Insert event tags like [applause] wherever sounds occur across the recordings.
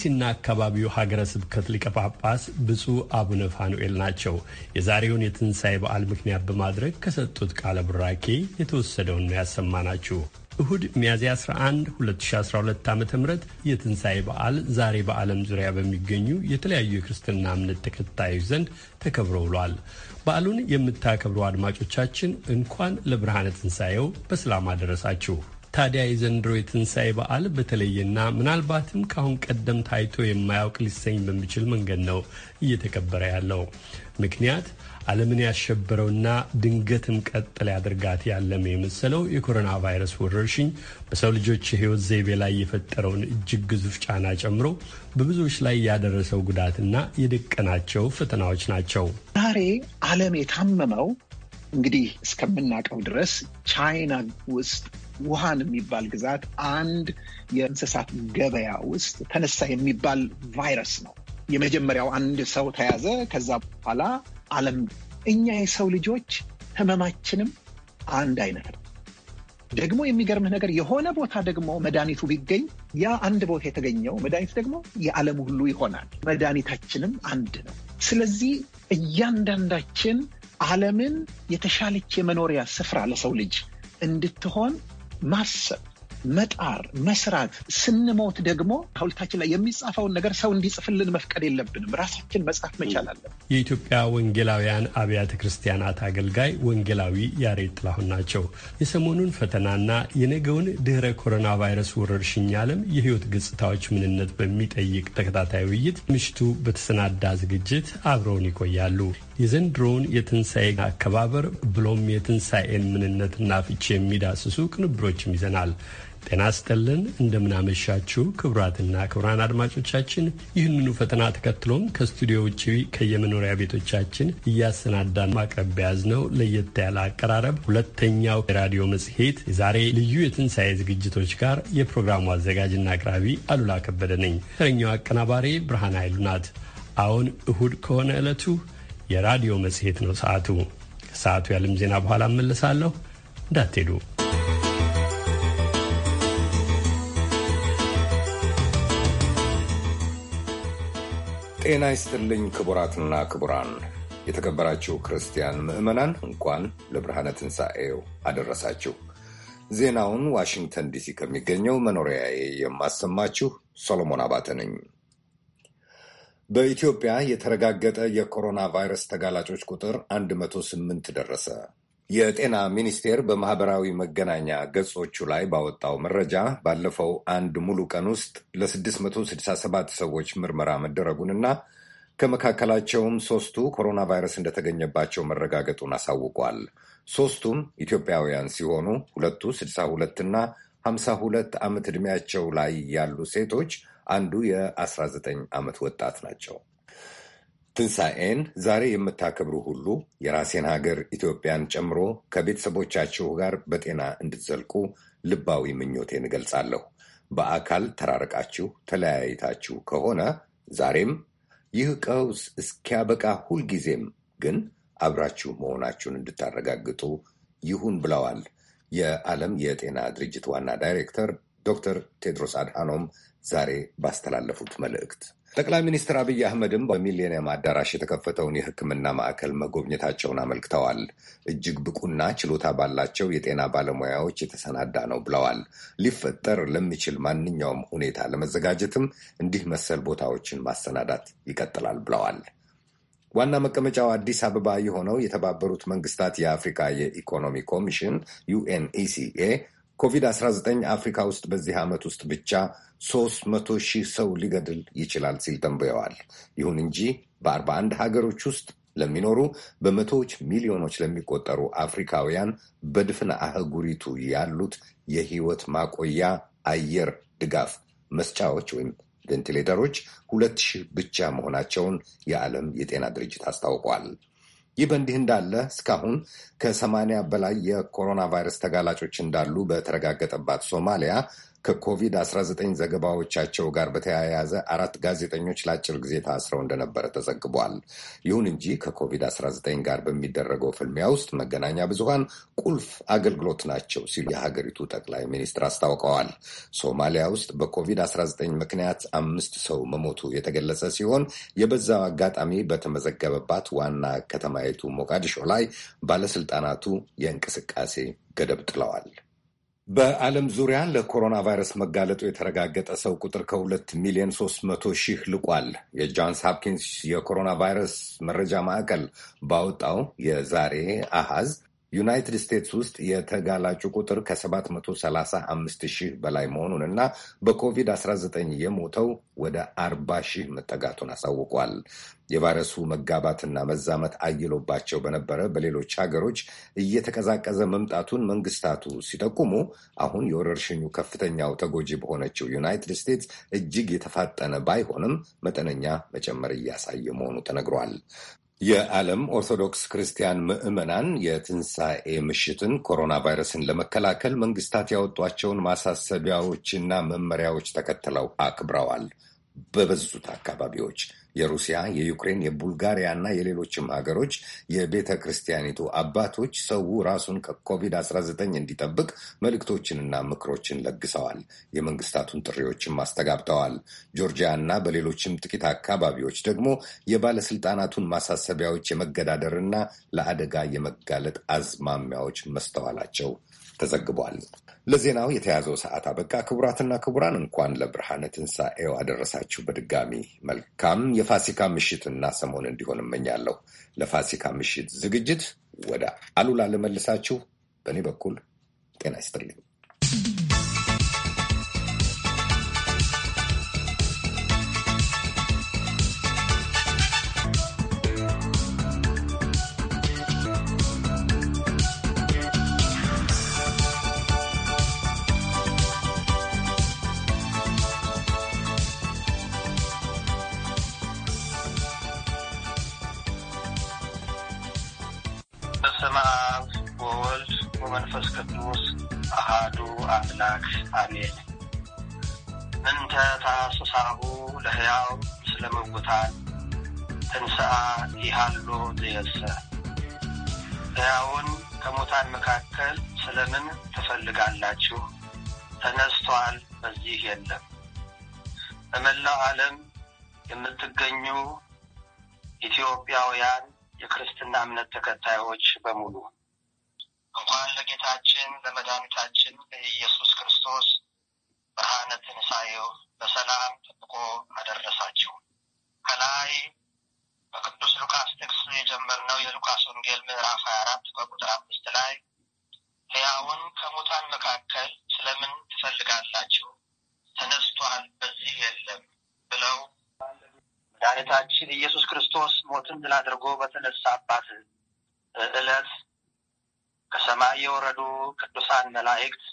ሲና አካባቢው ሀገረ ስብከት ሊቀ ጳጳስ ብፁዕ አቡነ ፋኑኤል ናቸው። የዛሬውን የትንሣኤ በዓል ምክንያት በማድረግ ከሰጡት ቃለ ቡራኬ የተወሰደውን ነው ናችሁ። እሁድ ሚያዝያ 11 2012 ዓ ም የትንሣኤ በዓል ዛሬ በዓለም ዙሪያ በሚገኙ የተለያዩ የክርስትና እምነት ተከታዮች ዘንድ ተከብሮ ውሏል። በዓሉን የምታከብሩ አድማጮቻችን እንኳን ለብርሃነ ትንሣኤው በሰላም አደረሳችሁ። ታዲያ የዘንድሮ የትንሣኤ በዓል በተለየና ምናልባትም ከአሁን ቀደም ታይቶ የማያውቅ ሊሰኝ በሚችል መንገድ ነው እየተከበረ ያለው። ምክንያት ዓለምን ያሸበረውና ድንገትም ቀጥል ያደርጋት ያለም የመሰለው የኮሮና ቫይረስ ወረርሽኝ በሰው ልጆች የህይወት ዘይቤ ላይ የፈጠረውን እጅግ ግዙፍ ጫና ጨምሮ በብዙዎች ላይ ያደረሰው ጉዳትና የደቀናቸው ፈተናዎች ናቸው። ዛሬ ዓለም የታመመው እንግዲህ እስከምናውቀው ድረስ ቻይና ውስጥ ውሃን የሚባል ግዛት አንድ የእንስሳት ገበያ ውስጥ ተነሳ የሚባል ቫይረስ ነው። የመጀመሪያው አንድ ሰው ተያዘ። ከዛ በኋላ ዓለም እኛ የሰው ልጆች ህመማችንም አንድ አይነት ነው። ደግሞ የሚገርምህ ነገር የሆነ ቦታ ደግሞ መድኃኒቱ ቢገኝ ያ አንድ ቦታ የተገኘው መድኃኒት ደግሞ የዓለም ሁሉ ይሆናል። መድኃኒታችንም አንድ ነው። ስለዚህ እያንዳንዳችን ዓለምን የተሻለች የመኖሪያ ስፍራ ለሰው ልጅ እንድትሆን massa መጣር፣ መስራት ስንሞት ደግሞ ሐውልታችን ላይ የሚጻፈውን ነገር ሰው እንዲጽፍልን መፍቀድ የለብንም። ራሳችን መጻፍ መቻል አለን። የኢትዮጵያ ወንጌላውያን አብያተ ክርስቲያናት አገልጋይ ወንጌላዊ ያሬድ ጥላሁን ናቸው። የሰሞኑን ፈተናና የነገውን ድህረ ኮሮና ቫይረስ ወረርሽኝ ዓለም የህይወት ገጽታዎች ምንነት በሚጠይቅ ተከታታይ ውይይት ምሽቱ በተሰናዳ ዝግጅት አብረውን ይቆያሉ። የዘንድሮውን የትንሣኤ አከባበር ብሎም የትንሣኤን ምንነትና ፍቺ የሚዳስሱ ቅንብሮችም ይዘናል። ጤና ስጠልን እንደምናመሻችሁ ክቡራትና ክቡራን አድማጮቻችን ይህንኑ ፈተና ተከትሎም ከስቱዲዮ ውጭ ከየመኖሪያ ቤቶቻችን እያሰናዳን ማቅረብ በያዝነው ለየት ያለ አቀራረብ ሁለተኛው የራዲዮ መጽሔት የዛሬ ልዩ የትንሣኤ ዝግጅቶች ጋር የፕሮግራሙ አዘጋጅና አቅራቢ አሉላ ከበደ ነኝ። ተረኛው አቀናባሪ ብርሃን ኃይሉ ናት። አሁን እሁድ ከሆነ ዕለቱ የራዲዮ መጽሔት ነው። ሰዓቱ ከሰዓቱ የዓለም ዜና በኋላ እመለሳለሁ። እንዳትሄዱ። ጤና ይስጥልኝ ክቡራትና ክቡራን የተከበራችሁ ክርስቲያን ምዕመናን እንኳን ለብርሃነ ትንሣኤው አደረሳችሁ። ዜናውን ዋሽንግተን ዲሲ ከሚገኘው መኖሪያዬ የማሰማችሁ ሶሎሞን አባተ ነኝ። በኢትዮጵያ የተረጋገጠ የኮሮና ቫይረስ ተጋላጮች ቁጥር 108 ደረሰ። የጤና ሚኒስቴር በማህበራዊ መገናኛ ገጾቹ ላይ ባወጣው መረጃ ባለፈው አንድ ሙሉ ቀን ውስጥ ለ667 ሰዎች ምርመራ መደረጉንና ከመካከላቸውም ሶስቱ ኮሮና ቫይረስ እንደተገኘባቸው መረጋገጡን አሳውቋል። ሶስቱም ኢትዮጵያውያን ሲሆኑ ሁለቱ 62 እና 52 ዓመት ዕድሜያቸው ላይ ያሉ ሴቶች፣ አንዱ የ19 ዓመት ወጣት ናቸው። ትንሣኤን ዛሬ የምታከብሩ ሁሉ የራሴን ሀገር ኢትዮጵያን ጨምሮ ከቤተሰቦቻችሁ ጋር በጤና እንድትዘልቁ ልባዊ ምኞቴን እገልጻለሁ። በአካል ተራርቃችሁ ተለያይታችሁ ከሆነ ዛሬም ይህ ቀውስ እስኪያበቃ ሁልጊዜም ግን አብራችሁ መሆናችሁን እንድታረጋግጡ ይሁን ብለዋል የዓለም የጤና ድርጅት ዋና ዳይሬክተር ዶክተር ቴድሮስ አድሃኖም ዛሬ ባስተላለፉት መልእክት ጠቅላይ ሚኒስትር አብይ አህመድም በሚሊኒየም አዳራሽ የተከፈተውን የሕክምና ማዕከል መጎብኘታቸውን አመልክተዋል። እጅግ ብቁና ችሎታ ባላቸው የጤና ባለሙያዎች የተሰናዳ ነው ብለዋል። ሊፈጠር ለሚችል ማንኛውም ሁኔታ ለመዘጋጀትም እንዲህ መሰል ቦታዎችን ማሰናዳት ይቀጥላል ብለዋል። ዋና መቀመጫው አዲስ አበባ የሆነው የተባበሩት መንግስታት የአፍሪካ የኢኮኖሚ ኮሚሽን ዩኤንኢሲኤ ኮቪድ-19 አፍሪካ ውስጥ በዚህ ዓመት ውስጥ ብቻ ሶስት መቶ ሺህ ሰው ሊገድል ይችላል ሲል ተንብየዋል። ይሁን እንጂ በአርባ አንድ ሀገሮች ውስጥ ለሚኖሩ በመቶዎች ሚሊዮኖች ለሚቆጠሩ አፍሪካውያን በድፍን አህጉሪቱ ያሉት የህይወት ማቆያ አየር ድጋፍ መስጫዎች ወይም ቬንቲሌተሮች ሁለት ሺህ ብቻ መሆናቸውን የዓለም የጤና ድርጅት አስታውቋል። ይህ በእንዲህ እንዳለ እስካሁን ከሰማንያ በላይ የኮሮና ቫይረስ ተጋላጮች እንዳሉ በተረጋገጠባት ሶማሊያ ከኮቪድ-19 ዘገባዎቻቸው ጋር በተያያዘ አራት ጋዜጠኞች ለአጭር ጊዜ ታስረው እንደነበረ ተዘግቧል። ይሁን እንጂ ከኮቪድ-19 ጋር በሚደረገው ፍልሚያ ውስጥ መገናኛ ብዙሃን ቁልፍ አገልግሎት ናቸው ሲሉ የሀገሪቱ ጠቅላይ ሚኒስትር አስታውቀዋል። ሶማሊያ ውስጥ በኮቪድ-19 ምክንያት አምስት ሰው መሞቱ የተገለጸ ሲሆን የበዛው አጋጣሚ በተመዘገበባት ዋና ከተማይቱ ሞቃዲሾ ላይ ባለስልጣናቱ የእንቅስቃሴ ገደብ ጥለዋል። በዓለም ዙሪያ ለኮሮና ቫይረስ መጋለጡ የተረጋገጠ ሰው ቁጥር ከሁለት ሚሊዮን ሶስት መቶ ሺህ ልቋል። የጆንስ ሀፕኪንስ የኮሮና ቫይረስ መረጃ ማዕከል ባወጣው የዛሬ አሃዝ ዩናይትድ ስቴትስ ውስጥ የተጋላጩ ቁጥር ከ735 ሺህ በላይ እና በኮቪድ-19 የሞተው ወደ 40 ሺህ መጠጋቱን አሳውቋል። የቫይረሱ መጋባትና መዛመት አይሎባቸው በነበረ በሌሎች ሀገሮች እየተቀዛቀዘ መምጣቱን መንግስታቱ ሲጠቁሙ፣ አሁን የወረርሽኙ ከፍተኛው ተጎጂ በሆነችው ዩናይትድ ስቴትስ እጅግ የተፋጠነ ባይሆንም መጠነኛ መጨመር እያሳየ መሆኑ ተነግሯል። የዓለም ኦርቶዶክስ ክርስቲያን ምዕመናን የትንሣኤ ምሽትን ኮሮና ቫይረስን ለመከላከል መንግስታት ያወጧቸውን ማሳሰቢያዎችና መመሪያዎች ተከትለው አክብረዋል። በበዙት አካባቢዎች የሩሲያ፣ የዩክሬን፣ የቡልጋሪያ እና የሌሎችም ሀገሮች የቤተ ክርስቲያኒቱ አባቶች ሰው ራሱን ከኮቪድ-19 እንዲጠብቅ መልእክቶችንና ምክሮችን ለግሰዋል። የመንግስታቱን ጥሪዎችም አስተጋብተዋል። ጆርጂያ እና በሌሎችም ጥቂት አካባቢዎች ደግሞ የባለስልጣናቱን ማሳሰቢያዎች የመገዳደርና ለአደጋ የመጋለጥ አዝማሚያዎች መስተዋላቸው ተዘግቧል። ለዜናው የተያዘው ሰዓት አበቃ። ክቡራትና ክቡራን እንኳን ለብርሃነ ትንሣኤው አደረሳችሁ። በድጋሚ መልካም የፋሲካ ምሽትና ሰሞን እንዲሆን እመኛለሁ። ለፋሲካ ምሽት ዝግጅት ወደ አሉላ ልመልሳችሁ። በእኔ በኩል ጤና ይስጥልኝ። ሀሳቡ ለሕያው ስለ ምውታን ትንሣኤ ይሃሎ ዘየሰ ሕያውን ከሙታን መካከል ስለምን ትፈልጋላችሁ? ተነስቷል፣ በዚህ የለም። በመላው ዓለም የምትገኙ ኢትዮጵያውያን የክርስትና እምነት ተከታዮች በሙሉ እንኳን ለጌታችን ለመድኃኒታችን ለኢየሱስ ክርስቶስ ብርሃነ ትንሣኤው በሰላም ጠብቆ አደረሳችሁ። ከላይ በቅዱስ ሉቃስ ጥቅስ የጀመርነው የሉቃስ ወንጌል ምዕራፍ ሀያ አራት በቁጥር አምስት ላይ ሕያውን ከሙታን መካከል ስለምን ትፈልጋላችሁ? ተነስቷል፣ በዚህ የለም ብለው መድኃኒታችን ኢየሱስ ክርስቶስ ሞትን ድል አድርጎ በተነሳባት ዕለት ከሰማይ የወረዱ ቅዱሳን መላእክት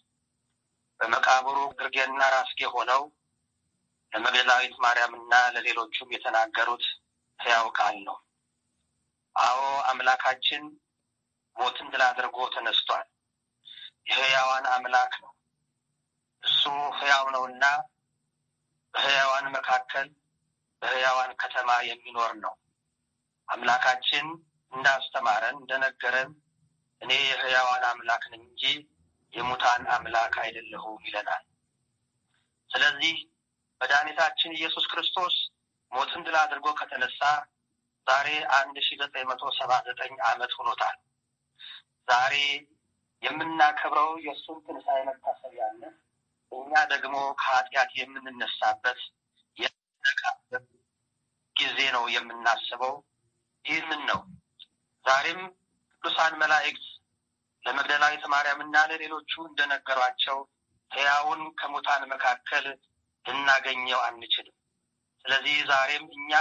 በመቃብሩ ግርጌና ራስጌ ሆነው ለመግደላዊት እና ለሌሎቹም የተናገሩት ሕያው ቃል ነው። አዎ አምላካችን ሞትን ድል አድርጎ ተነስቷል። የሕያዋን አምላክ ነው። እሱ ሕያው ነውና በሕያዋን መካከል በሕያዋን ከተማ የሚኖር ነው። አምላካችን እንዳስተማረን እንደነገረን እኔ የሕያዋን አምላክ ነኝ እንጂ የሙታን አምላክ አይደለሁም ይለናል። ስለዚህ መድኃኒታችን ኢየሱስ ክርስቶስ ሞትን ድል አድርጎ ከተነሳ ዛሬ አንድ ሺ ዘጠኝ መቶ ሰባ ዘጠኝ ዓመት ሆኖታል። ዛሬ የምናከብረው የእሱን ትንሣኤ መታሰቢያ አለ። እኛ ደግሞ ከኃጢአት የምንነሳበት የምንነቃበት ጊዜ ነው የምናስበው። ይህንን ነው ዛሬም ቅዱሳን መላእክት ለመግደላዊት ማርያምና ለሌሎቹ እንደነገሯቸው ሕያውን ከሙታን መካከል ልናገኘው አንችልም። ስለዚህ ዛሬም እኛ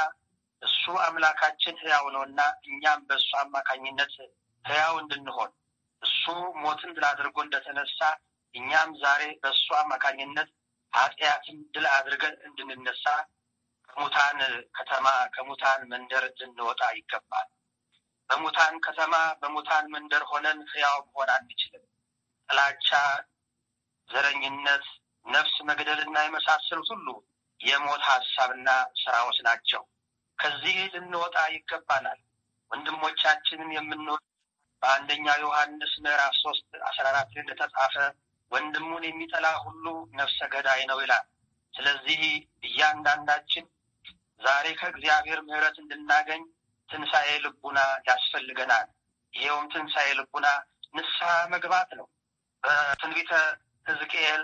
እሱ አምላካችን ነው እና እኛም በእሱ አማካኝነት ህያው እንድንሆን እሱ ሞትን ድል አድርጎ እንደተነሳ እኛም ዛሬ በእሱ አማካኝነት ኃጢአትን ድል አድርገን እንድንነሳ ከሙታን ከተማ ከሙታን መንደር ልንወጣ ይገባል። በሙታን ከተማ በሙታን መንደር ሆነን ህያው መሆን አንችልም። ጥላቻ፣ ዘረኝነት ነፍስ መግደልና የመሳሰሉት ሁሉ የሞት ሀሳብና ስራዎች ናቸው። ከዚህ ልንወጣ ይገባናል። ወንድሞቻችንን የምንወድ በአንደኛው ዮሐንስ ምዕራፍ ሶስት አስራ አራት እንደተጻፈ ወንድሙን የሚጠላ ሁሉ ነፍሰ ገዳይ ነው ይላል። ስለዚህ እያንዳንዳችን ዛሬ ከእግዚአብሔር ምሕረት እንድናገኝ ትንሣኤ ልቡና ያስፈልገናል። ይኸውም ትንሣኤ ልቡና ንስሐ መግባት ነው። በትንቢተ ሕዝቅኤል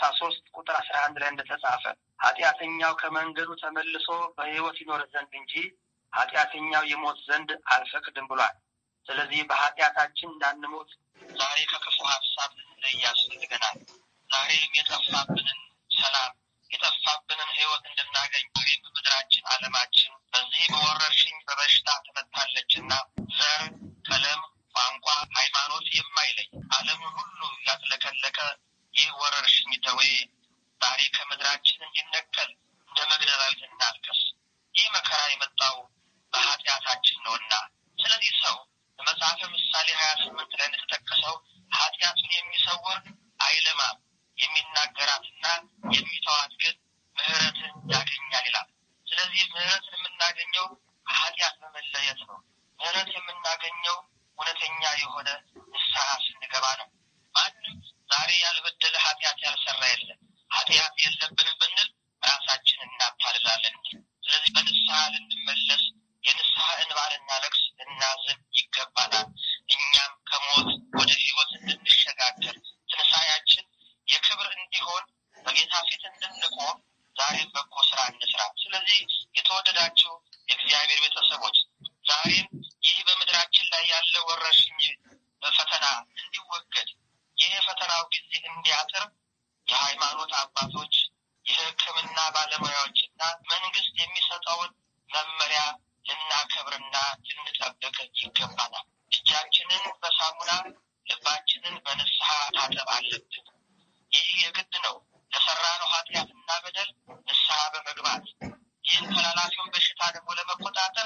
ሰላሳ ሶስት ቁጥር አስራ አንድ ላይ እንደተጻፈ ኃጢአተኛው ከመንገዱ ተመልሶ በሕይወት ይኖር ዘንድ እንጂ ኃጢአተኛው የሞት ዘንድ አልፈቅድም ብሏል። ስለዚህ በኃጢአታችን እንዳንሞት ዛሬ ከክፉ ሀሳብ ልንለይ ያስፈልገናል። ዛሬም የጠፋብንን ሰላም የጠፋብንን ሕይወት እንድናገኝ ዛሬ በምድራችን ዓለማችን በዚህ በወረርሽኝ በበሽታ ተመታለችና ዘር፣ ቀለም፣ ቋንቋ፣ ሃይማኖት የማይለይ ዓለምን ሁሉ ያጥለቀለቀ ይህ ወረርሽኝ ደዌ ዛሬ ከምድራችን እንዲነቀል እንደ መግደላዊት እናልቅስ። ይህ መከራ የመጣው በኃጢአታችን ነውና፣ ስለዚህ ሰው በመጽሐፈ ምሳሌ ሀያ ስምንት ላይ እንደተጠቀሰው ኃጢአቱን የሚሰውር አይለማም፣ የሚናገራትና የሚተዋት ግን ምህረትን ያገኛል ይላል። ስለዚህ ምህረት የምናገኘው ከኃጢአት በመለየት ነው። ምህረት የምናገኘው እውነተኛ የሆነ ንስሐ ስንገባ ነው። ማንም ዛሬ ያልበደለ ኃጢአት ያልሰራ የለም። ኃጢአት የለብንም ብንል ራሳችን እናታልላለን። ስለዚህ በንስሐ ልንመለስ የንስሐ እንባልና ለቅስ እናዝን ይገባናል። እኛም ከሞት ወደ ህይወት እንድንሸጋገር ትንሳኤያችን የክብር እንዲሆን በጌታ ፊት እንድንቆም ዛሬ በጎ ስራ እንስራ። ስለዚህ የተወደዳችሁ የእግዚአብሔር ቤተሰቦች ዛሬም ይህ በምድራችን ላይ ያለ ወረርሽኝ በፈተና እንዲወገድ ይህ የፈተናው ጊዜ እንዲያጥር የሃይማኖት አባቶች፣ የሕክምና ባለሙያዎችና መንግስት የሚሰጠውን መመሪያ ልናከብርና ልንጠብቅ ይገባናል። እጃችንን በሳሙና ልባችንን በንስሐ ታጠብ አለብን። ይህ የግድ ነው። ለሰራነው ኃጢአትና በደል ንስሐ በመግባት ይህን ተላላፊውን በሽታ ደግሞ ለመቆጣጠር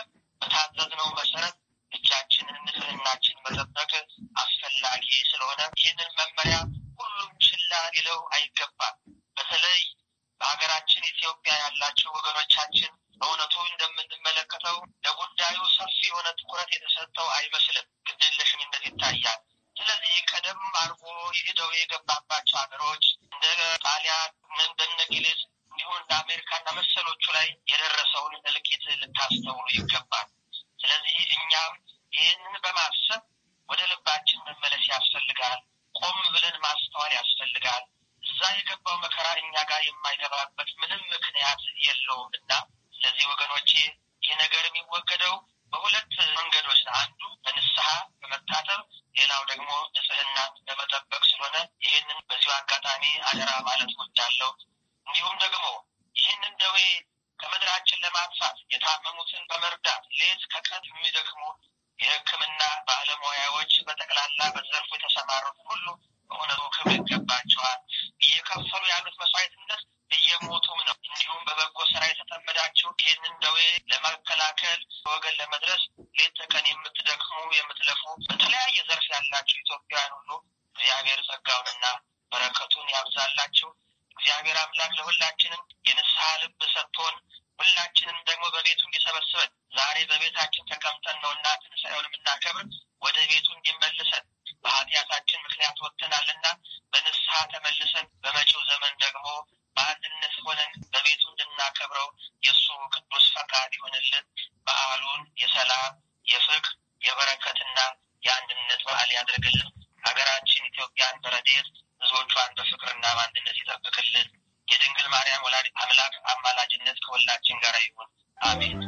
ብዙዎቿን በፍቅርና በአንድነት ይጠብቅልን። የድንግል ማርያም ወላዲት አምላክ አማላጅነት ከሁላችን ጋር ይሁን፣ አሜን።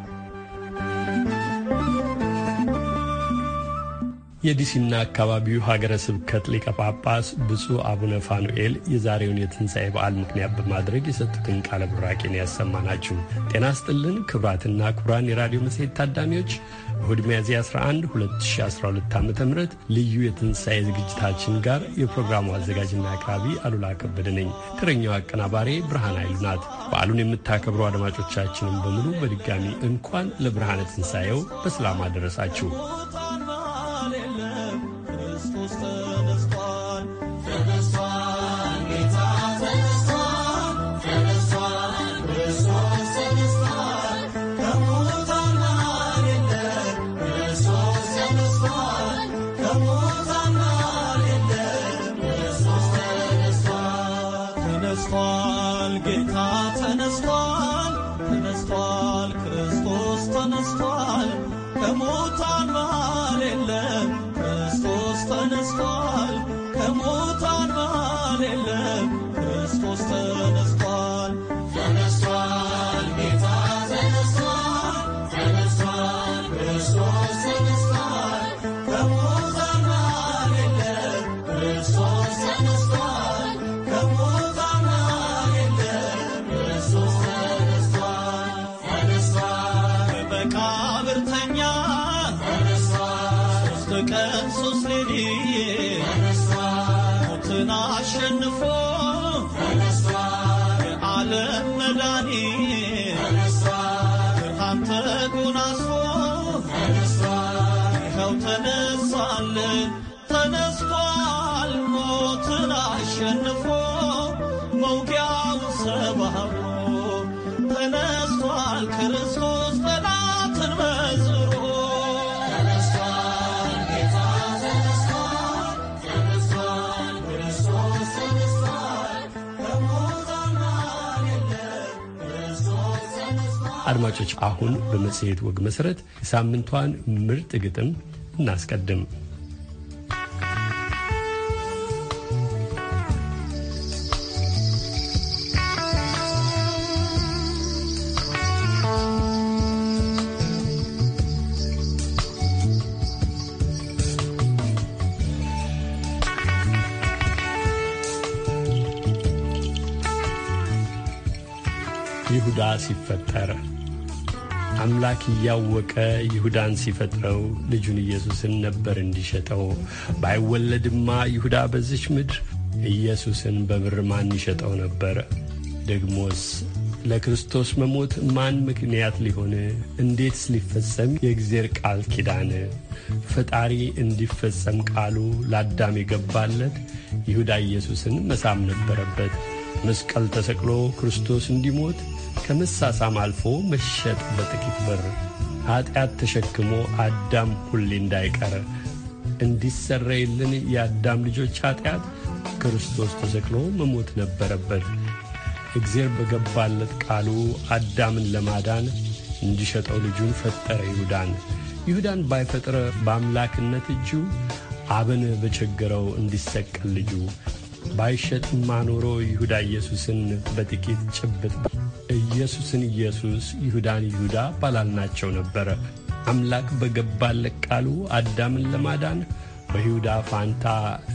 የዲሲና አካባቢው ሀገረ ስብከት ሊቀ ጳጳስ ብፁዕ አቡነ ፋኑኤል የዛሬውን የትንሣኤ በዓል ምክንያት በማድረግ የሰጡትን ቃለ ቡራኬን ያሰማናችሁ። ጤና ስጥልን ክብራትና ክቡራን የራዲዮ መጽሔት ታዳሚዎች እሁድ ሚያዝያ 11 2012 ዓ ም ልዩ የትንሣኤ ዝግጅታችን ጋር የፕሮግራሙ አዘጋጅና አቅራቢ አሉላ ከበደ ነኝ። ተረኛው አቀናባሪ ብርሃን ኃይሉ ናት። በዓሉን የምታከብረው አድማጮቻችንን በሙሉ በድጋሚ እንኳን ለብርሃነ ትንሣኤው በሰላም አደረሳችሁ። ይኸው ተነሳልን ተነስቷል ሞትን አሸንፎ መውጊያው ተነስቷል ክርስቶስ ጠላትን መዝሮ አድማጮች አሁን በመጽሔት ወግ መሠረት ሳምንቷን ምርጥ ግጥም እናስቀድም። ይሁዳ ሲፈጠር አምላክ እያወቀ ይሁዳን ሲፈጥረው ልጁን ኢየሱስን ነበር እንዲሸጠው። ባይወለድማ ይሁዳ በዚች ምድር ኢየሱስን በብር ማን ይሸጠው ነበር? ደግሞስ ለክርስቶስ መሞት ማን ምክንያት ሊሆን? እንዴትስ ሊፈጸም የእግዜር ቃል ኪዳን ፈጣሪ እንዲፈጸም ቃሉ ለአዳም የገባለት ይሁዳ ኢየሱስን መሳም ነበረበት። መስቀል ተሰቅሎ ክርስቶስ እንዲሞት ከመሳሳም አልፎ መሸጥ በጥቂት ብር ኃጢአት ተሸክሞ አዳም ሁሌ እንዳይቀር እንዲሰረይልን የአዳም ልጆች ኃጢአት ክርስቶስ ተሰቅሎ መሞት ነበረበት። እግዜር በገባለት ቃሉ አዳምን ለማዳን እንዲሸጠው ልጁን ፈጠረ ይሁዳን። ይሁዳን ባይፈጥረ በአምላክነት እጁ አብን በቸገረው እንዲሰቀል ልጁ ባይሸጥ ማኖሮ ይሁዳ ኢየሱስን በጥቂት ጭብጥ ኢየሱስን ኢየሱስ ይሁዳን ይሁዳ ባላልናቸው ነበረ። አምላክ በገባለት ቃሉ አዳምን ለማዳን በይሁዳ ፋንታ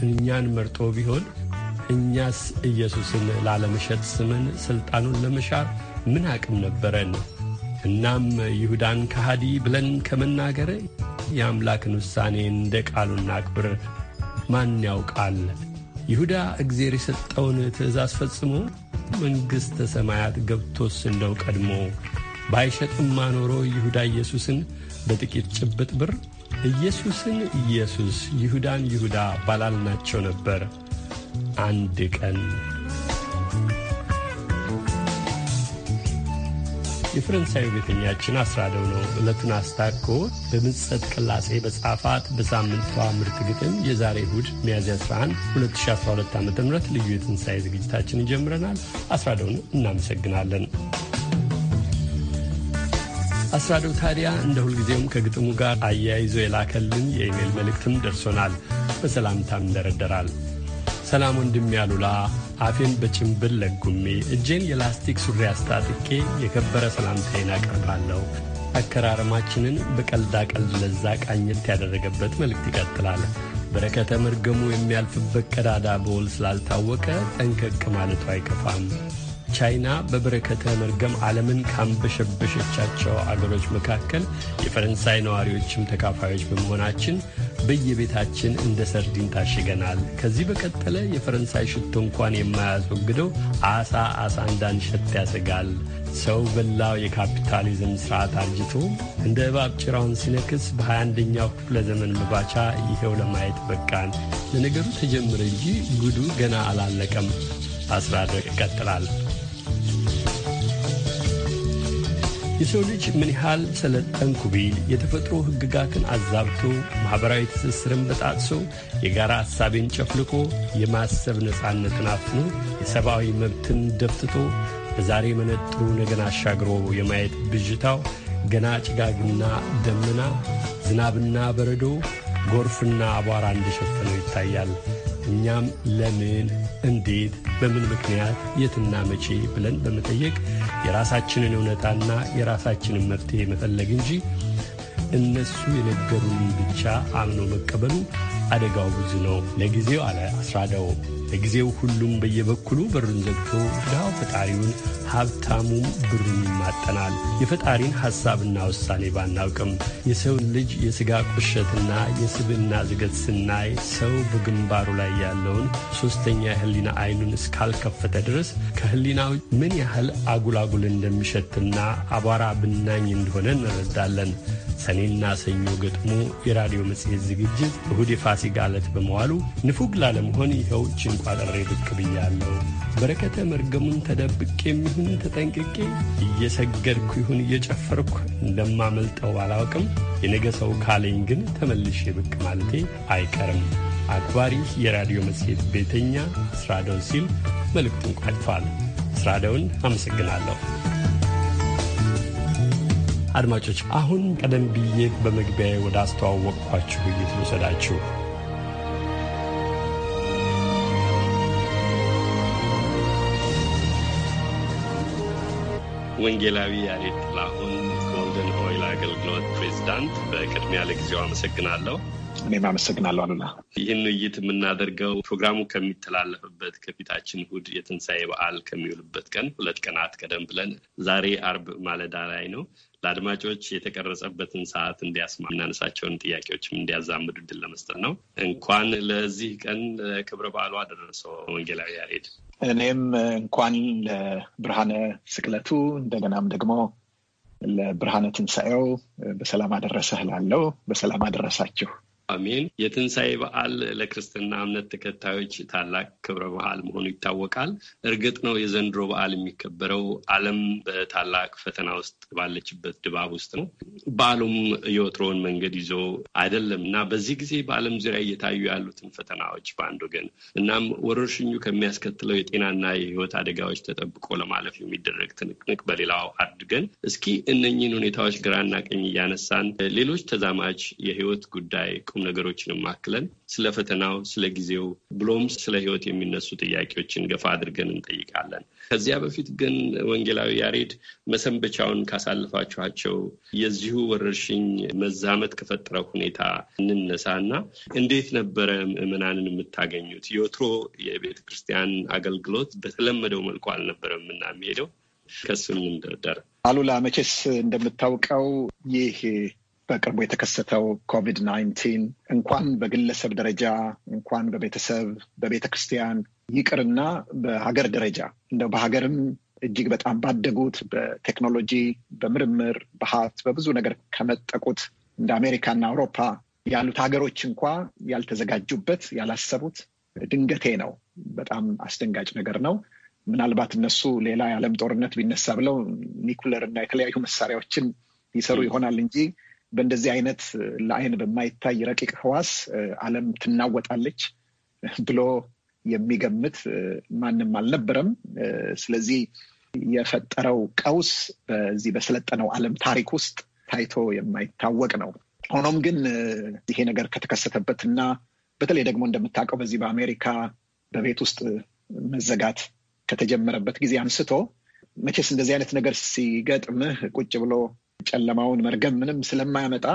እኛን መርጦ ቢሆን እኛስ ኢየሱስን ላለመሸጥ ስምን ሥልጣኑን ለመሻር ምን አቅም ነበረን? እናም ይሁዳን ከሃዲ ብለን ከመናገር የአምላክን ውሳኔ እንደ ቃሉና አክብር ማን ያውቃል? ይሁዳ እግዜር የሰጠውን ትእዛዝ ፈጽሞ መንግሥተ ሰማያት ገብቶስ እንደው ቀድሞ ባይሸጥማ ኖሮ ይሁዳ ኢየሱስን በጥቂት ጭብጥ ብር ኢየሱስን ኢየሱስ ይሁዳን ይሁዳ ባላልናቸው ነበር አንድ ቀን የፈረንሳዩ ቤተኛችን አስራደው ነው ዕለቱን አስታኮ በምጸት ቅላሴ በጻፋት በሳምንቷ ምርት ግጥም የዛሬ እሁድ ሚያዝያ 11 2012 ዓ ም ልዩ የትንሣኤ ዝግጅታችንን ጀምረናል። አስራደውን እናመሰግናለን። አስራደው ታዲያ እንደ ሁልጊዜውም ከግጥሙ ጋር አያይዞ የላከልን የኢሜይል መልእክትም ደርሶናል፣ በሰላምታም ይንደረደራል። ሰላም ወንድም ያሉላ አፌን በጭንብል ለጉሜ እጄን የላስቲክ ሱሪ አስታጥቄ የከበረ ሰላምታዬን አቀርባለሁ። አከራረማችንን በቀልዳ ቀልድ ለዛ ቃኘት ያደረገበት መልእክት ይቀጥላል። በረከተ መርገሙ የሚያልፍበት ቀዳዳ በውል ስላልታወቀ ጠንቀቅ ማለቱ አይከፋም። ቻይና በበረከተ መርገም ዓለምን ካንበሸበሸቻቸው አገሮች መካከል የፈረንሳይ ነዋሪዎችም ተካፋዮች በመሆናችን በየቤታችን እንደ ሰርዲን ታሽገናል። ከዚህ በቀጠለ የፈረንሳይ ሽቶ እንኳን የማያስወግደው አሳ አሳ እንዳንሸት ያሰጋል። ሰው በላው የካፒታሊዝም ስርዓት አርጅቶ እንደ እባብ ጭራውን ሲነክስ በ21ኛው ክፍለ ዘመን መባቻ ይሄው ለማየት በቃን። ለነገሩ ተጀምረ እንጂ ጉዱ ገና አላለቀም። አስራ ይቀጥላል። የሰው ልጅ ምን ያህል ሰለጠንኩ ቢል የተፈጥሮ ሕግጋትን አዛብቶ ማኅበራዊ ትስስርን በጣጥሶ የጋራ ሐሳቤን ጨፍልቆ የማሰብ ነፃነትን አፍኖ የሰብአዊ መብትን ደፍትቶ በዛሬ መነጥሩ ነገን አሻግሮ የማየት ብዥታው ገና ጭጋግና ደመና ዝናብና በረዶ ጎርፍና አቧራ እንደሸፈነው ይታያል። እኛም ለምን፣ እንዴት፣ በምን ምክንያት፣ የትና መቼ ብለን በመጠየቅ የራሳችንን እውነታና የራሳችንን መፍትሄ መፈለግ እንጂ እነሱ የነገሩን ብቻ አምኖ መቀበሉ አደጋው ብዙ ነው። ለጊዜው አለ አስራዳው ለጊዜው ሁሉም በየበኩሉ በሩን ዘግቶ ድሃው ፈጣሪውን ሀብታሙም ብሩን ይማጠናል። የፈጣሪን ሐሳብና ውሳኔ ባናውቅም የሰው ልጅ የሥጋ ቁሸትና የስብና ዝገት ስናይ ሰው በግንባሩ ላይ ያለውን ሦስተኛ የህሊና አይኑን እስካልከፈተ ድረስ ከህሊናው ምን ያህል አጉላጉል እንደሚሸትና አቧራ ብናኝ እንደሆነ እንረዳለን። ሰኔና ሰኞ ገጥሞ የራዲዮ መጽሔት ዝግጅት እሁድ የፋ ከሥላሴ በመዋሉ ንፉግ ላለመሆን ይኸው ችንቋጠሬ ብቅ ብያለሁ። በረከተ መርገሙን ተደብቄ የሚሆን ተጠንቅቄ እየሰገድኩ ይሁን እየጨፈርኩ እንደማመልጠው አላውቅም። የነገ ሰው ካለኝ ግን ተመልሼ ብቅ ማለቴ አይቀርም። አክባሪ የራዲዮ መጽሔት ቤተኛ ስራደው ሲል መልእክቱን ቋጭቷል። ስራደውን አመሰግናለሁ። አድማጮች አሁን ቀደም ብዬ በመግቢያ ወደ አስተዋወቅኳችሁ ውይይት ልውሰዳችሁ። ወንጌላዊ ያሬድ ጥላሁን ጎልደን ኦይል አገልግሎት ፕሬዚዳንት፣ በቅድሚያ ለጊዜው አመሰግናለሁ። እኔም አመሰግናለሁ አሉላ። ይህን ውይይት የምናደርገው ፕሮግራሙ ከሚተላለፍበት ከፊታችን እሑድ የትንሣኤ በዓል ከሚውልበት ቀን ሁለት ቀናት ቀደም ብለን ዛሬ አርብ ማለዳ ላይ ነው። ለአድማጮች የተቀረጸበትን ሰዓት እንዲያስማ የምናነሳቸውን ጥያቄዎችም እንዲያዛምዱ ድል ለመስጠት ነው። እንኳን ለዚህ ቀን ክብረ በዓሉ አደረሰው ወንጌላዊ ያሬድ። እኔም እንኳን ለብርሃነ ስቅለቱ እንደገናም ደግሞ ለብርሃነ ትንሣኤው በሰላም አደረሰህ ላለው በሰላም አደረሳችሁ። አሜን። የትንሣኤ በዓል ለክርስትና እምነት ተከታዮች ታላቅ ክብረ በዓል መሆኑ ይታወቃል። እርግጥ ነው የዘንድሮ በዓል የሚከበረው ዓለም በታላቅ ፈተና ውስጥ ባለችበት ድባብ ውስጥ ነው። በዓሉም የወትሮውን መንገድ ይዞ አይደለም እና በዚህ ጊዜ በዓለም ዙሪያ እየታዩ ያሉትን ፈተናዎች በአንድ ወገን እናም ወረርሽኙ ከሚያስከትለው የጤናና የሕይወት አደጋዎች ተጠብቆ ለማለፍ የሚደረግ ትንቅንቅ በሌላው አድገን እስኪ እነኚህን ሁኔታዎች ግራና ቀኝ እያነሳን ሌሎች ተዛማጅ የሕይወት ጉዳይ ቁም ነገሮችንም አክለን ስለ ፈተናው፣ ስለ ጊዜው ብሎም ስለ ህይወት የሚነሱ ጥያቄዎችን ገፋ አድርገን እንጠይቃለን። ከዚያ በፊት ግን ወንጌላዊ ያሬድ መሰንበቻውን ካሳልፋችኋቸው የዚሁ ወረርሽኝ መዛመት ከፈጠረው ሁኔታ እንነሳና እንዴት ነበረ ምዕመናንን የምታገኙት? የወትሮ የቤተ ክርስቲያን አገልግሎት በተለመደው መልኩ አልነበረም እና የሚሄደው ከሱ እንደርደር። አሉላ መቼስ እንደምታውቀው ይህ በቅርቡ የተከሰተው ኮቪድ ናይንቲን እንኳን በግለሰብ ደረጃ እንኳን በቤተሰብ በቤተ ክርስቲያን ይቅርና በሀገር ደረጃ እንደው በሀገርም እጅግ በጣም ባደጉት በቴክኖሎጂ በምርምር በሀብት በብዙ ነገር ከመጠቁት እንደ አሜሪካና አውሮፓ ያሉት ሀገሮች እንኳ ያልተዘጋጁበት ያላሰቡት ድንገቴ ነው። በጣም አስደንጋጭ ነገር ነው። ምናልባት እነሱ ሌላ የዓለም ጦርነት ቢነሳ ብለው ኒኩለር እና የተለያዩ መሳሪያዎችን ይሰሩ ይሆናል እንጂ በእንደዚህ አይነት ለአይን በማይታይ ረቂቅ ህዋስ ዓለም ትናወጣለች ብሎ የሚገምት ማንም አልነበረም። ስለዚህ የፈጠረው ቀውስ በዚህ በሰለጠነው ዓለም ታሪክ ውስጥ ታይቶ የማይታወቅ ነው። ሆኖም ግን ይሄ ነገር ከተከሰተበት እና በተለይ ደግሞ እንደምታውቀው በዚህ በአሜሪካ በቤት ውስጥ መዘጋት ከተጀመረበት ጊዜ አንስቶ መቼስ እንደዚህ አይነት ነገር ሲገጥምህ ቁጭ ብሎ ጨለማውን መርገም ምንም ስለማያመጣ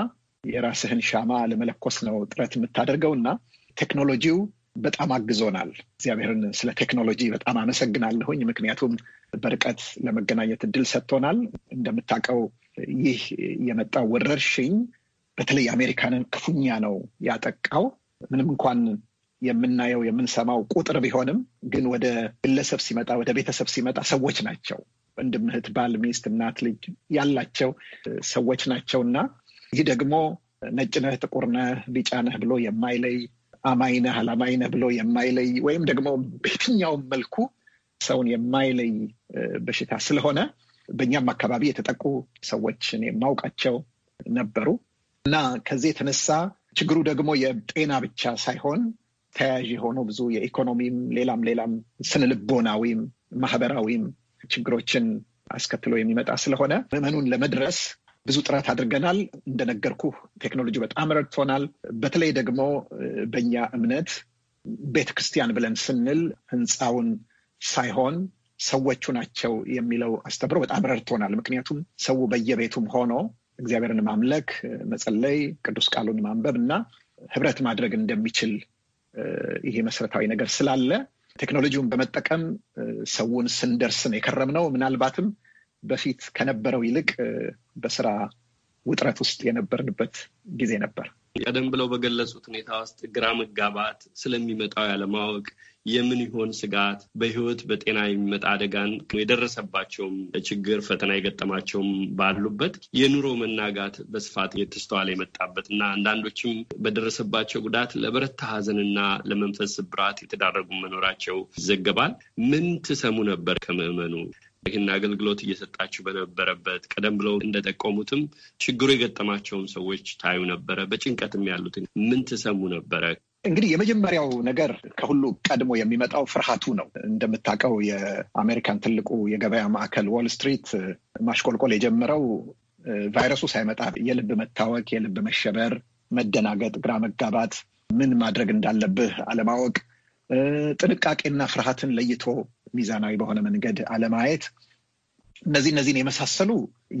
የራስህን ሻማ ለመለኮስ ነው ጥረት የምታደርገው እና ቴክኖሎጂው በጣም አግዞናል። እግዚአብሔርን ስለ ቴክኖሎጂ በጣም አመሰግናለሁኝ። ምክንያቱም በርቀት ለመገናኘት እድል ሰጥቶናል። እንደምታውቀው ይህ የመጣው ወረርሽኝ በተለይ አሜሪካንን ክፉኛ ነው ያጠቃው። ምንም እንኳን የምናየው የምንሰማው ቁጥር ቢሆንም ግን ወደ ግለሰብ ሲመጣ፣ ወደ ቤተሰብ ሲመጣ ሰዎች ናቸው ወንድም፣ እህት፣ ባል፣ ሚስት፣ እናት፣ ልጅ ያላቸው ሰዎች ናቸው እና ይህ ደግሞ ነጭ ነህ፣ ጥቁር ነህ፣ ቢጫ ነህ ብሎ የማይለይ አማኝ ነህ፣ አላማኝ ነህ ብሎ የማይለይ ወይም ደግሞ በየትኛውም መልኩ ሰውን የማይለይ በሽታ ስለሆነ በእኛም አካባቢ የተጠቁ ሰዎች የማውቃቸው ነበሩ እና ከዚህ የተነሳ ችግሩ ደግሞ የጤና ብቻ ሳይሆን ተያያዥ የሆኑ ብዙ የኢኮኖሚም ሌላም ሌላም ስነልቦናዊም ማህበራዊም ችግሮችን አስከትሎ የሚመጣ ስለሆነ ምዕመኑን ለመድረስ ብዙ ጥረት አድርገናል። እንደነገርኩ ቴክኖሎጂ በጣም ረድቶናል። በተለይ ደግሞ በእኛ እምነት ቤተ ክርስቲያን ብለን ስንል ህንፃውን ሳይሆን ሰዎቹ ናቸው የሚለው አስተምሮ በጣም ረድቶናል። ምክንያቱም ሰው በየቤቱም ሆኖ እግዚአብሔርን ማምለክ፣ መጸለይ፣ ቅዱስ ቃሉን ማንበብ እና ህብረት ማድረግ እንደሚችል ይሄ መሰረታዊ ነገር ስላለ ቴክኖሎጂውን በመጠቀም ሰውን ስንደርስን የከረምነው ምናልባትም በፊት ከነበረው ይልቅ በስራ ውጥረት ውስጥ የነበርንበት ጊዜ ነበር። ቀደም ብለው በገለጹት ሁኔታ ውስጥ ግራ መጋባት ስለሚመጣው ያለማወቅ የምን ይሆን ስጋት በህይወት በጤና የሚመጣ አደጋን የደረሰባቸውም ችግር ፈተና የገጠማቸውም ባሉበት የኑሮ መናጋት በስፋት የተስተዋለ የመጣበት እና አንዳንዶችም በደረሰባቸው ጉዳት ለበረታ ሀዘንና ለመንፈስ ስብራት የተዳረጉ መኖራቸው ይዘገባል። ምን ትሰሙ ነበር ከምዕመኑ? ይህን አገልግሎት እየሰጣችሁ በነበረበት ቀደም ብለው እንደጠቆሙትም ችግሩ የገጠማቸውን ሰዎች ታዩ ነበረ። በጭንቀትም ያሉትን ምን ትሰሙ ነበረ? እንግዲህ የመጀመሪያው ነገር ከሁሉ ቀድሞ የሚመጣው ፍርሃቱ ነው። እንደምታውቀው የአሜሪካን ትልቁ የገበያ ማዕከል ዋል ስትሪት ማሽቆልቆል የጀመረው ቫይረሱ ሳይመጣ የልብ መታወክ፣ የልብ መሸበር፣ መደናገጥ፣ ግራ መጋባት፣ ምን ማድረግ እንዳለብህ አለማወቅ፣ ጥንቃቄና ፍርሃትን ለይቶ ሚዛናዊ በሆነ መንገድ አለማየት፣ እነዚህ እነዚህን የመሳሰሉ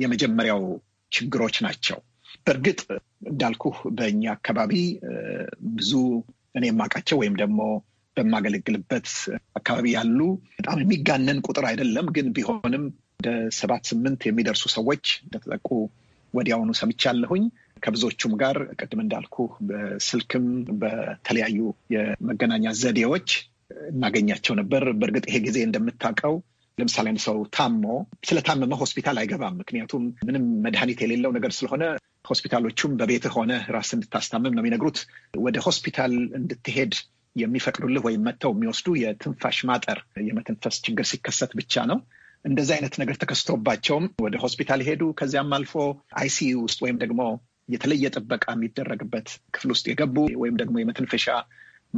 የመጀመሪያው ችግሮች ናቸው። በእርግጥ እንዳልኩህ በእኛ አካባቢ ብዙ እኔ የማውቃቸው ወይም ደግሞ በማገለግልበት አካባቢ ያሉ በጣም የሚጋነን ቁጥር አይደለም፣ ግን ቢሆንም ወደ ሰባት ስምንት የሚደርሱ ሰዎች እንደተጠቁ ወዲያውኑ ሰምቻለሁኝ። ከብዙዎቹም ጋር ቅድም እንዳልኩ በስልክም በተለያዩ የመገናኛ ዘዴዎች እናገኛቸው ነበር። በእርግጥ ይሄ ጊዜ እንደምታውቀው ለምሳሌ አንድ ሰው ታሞ ስለታመመ ሆስፒታል አይገባም። ምክንያቱም ምንም መድኃኒት የሌለው ነገር ስለሆነ ሆስፒታሎቹም በቤት ሆነ ራስ እንድታስታምም ነው የሚነግሩት። ወደ ሆስፒታል እንድትሄድ የሚፈቅዱልህ ወይም መጥተው የሚወስዱ የትንፋሽ ማጠር፣ የመተንፈስ ችግር ሲከሰት ብቻ ነው። እንደዚህ አይነት ነገር ተከስቶባቸውም ወደ ሆስፒታል ሄዱ። ከዚያም አልፎ አይሲዩ ውስጥ ወይም ደግሞ የተለየ ጥበቃ የሚደረግበት ክፍል ውስጥ የገቡ ወይም ደግሞ የመተንፈሻ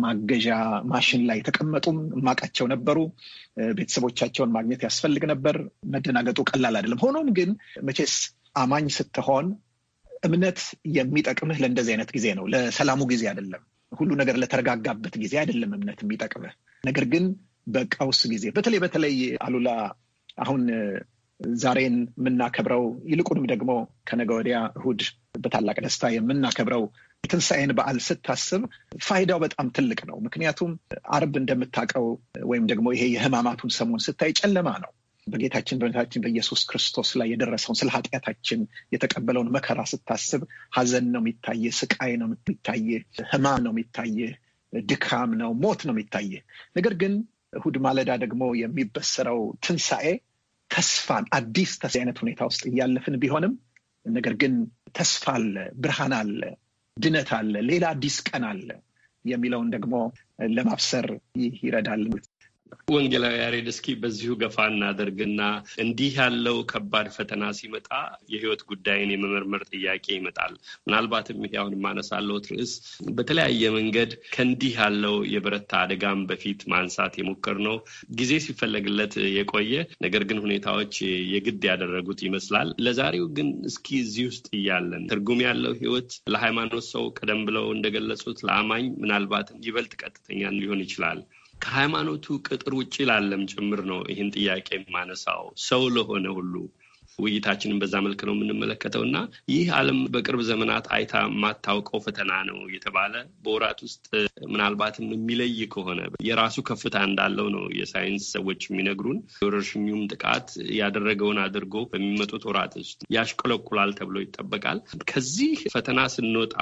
ማገዣ ማሽን ላይ የተቀመጡም እማቃቸው ነበሩ። ቤተሰቦቻቸውን ማግኘት ያስፈልግ ነበር። መደናገጡ ቀላል አይደለም። ሆኖም ግን መቼስ አማኝ ስትሆን እምነት የሚጠቅምህ ለእንደዚህ አይነት ጊዜ ነው። ለሰላሙ ጊዜ አይደለም። ሁሉ ነገር ለተረጋጋበት ጊዜ አይደለም እምነት የሚጠቅምህ። ነገር ግን በቀውስ ጊዜ በተለይ በተለይ አሉላ አሁን ዛሬን የምናከብረው ይልቁንም ደግሞ ከነገ ወዲያ እሁድ በታላቅ ደስታ የምናከብረው የትንሣኤን በዓል ስታስብ ፋይዳው በጣም ትልቅ ነው። ምክንያቱም አርብ እንደምታውቀው ወይም ደግሞ ይሄ የሕማማቱን ሰሞን ስታይ ጨለማ ነው። በጌታችን በመድኃኒታችን በኢየሱስ ክርስቶስ ላይ የደረሰውን ስለ ኃጢአታችን የተቀበለውን መከራ ስታስብ ሀዘን ነው የሚታየ፣ ስቃይ ነው የሚታየ፣ ህማም ነው የሚታየ፣ ድካም ነው፣ ሞት ነው የሚታየ። ነገር ግን እሁድ ማለዳ ደግሞ የሚበሰረው ትንሣኤ ተስፋን አዲስ ተስ አይነት ሁኔታ ውስጥ እያለፍን ቢሆንም ነገር ግን ተስፋ አለ፣ ብርሃን አለ፣ ድነት አለ፣ ሌላ አዲስ ቀን አለ የሚለውን ደግሞ ለማብሰር ይረዳል። ወንጌላዊ ያሬድ፣ እስኪ በዚሁ ገፋ እናደርግና እንዲህ ያለው ከባድ ፈተና ሲመጣ የህይወት ጉዳይን የመመርመር ጥያቄ ይመጣል። ምናልባትም ይሄ አሁን የማነሳለሁት ርዕስ በተለያየ መንገድ ከእንዲህ ያለው የበረታ አደጋም በፊት ማንሳት የሞከር ነው ጊዜ ሲፈለግለት የቆየ ነገር ግን ሁኔታዎች የግድ ያደረጉት ይመስላል። ለዛሬው ግን እስኪ እዚህ ውስጥ እያለን ትርጉም ያለው ህይወት ለሃይማኖት ሰው ቀደም ብለው እንደገለጹት ለአማኝ ምናልባትም ይበልጥ ቀጥተኛ ሊሆን ይችላል። ከሃይማኖቱ ቅጥር ውጭ ላለም ጭምር ነው ይህን ጥያቄ የማነሳው ሰው ለሆነ ሁሉ ውይይታችንን በዛ መልክ ነው የምንመለከተው እና ይህ ዓለም በቅርብ ዘመናት አይታ የማታውቀው ፈተና ነው የተባለ በወራት ውስጥ ምናልባትም የሚለይ ከሆነ የራሱ ከፍታ እንዳለው ነው የሳይንስ ሰዎች የሚነግሩን። የወረርሽኙም ጥቃት ያደረገውን አድርጎ በሚመጡት ወራት ውስጥ ያሽቆለቁላል ተብሎ ይጠበቃል። ከዚህ ፈተና ስንወጣ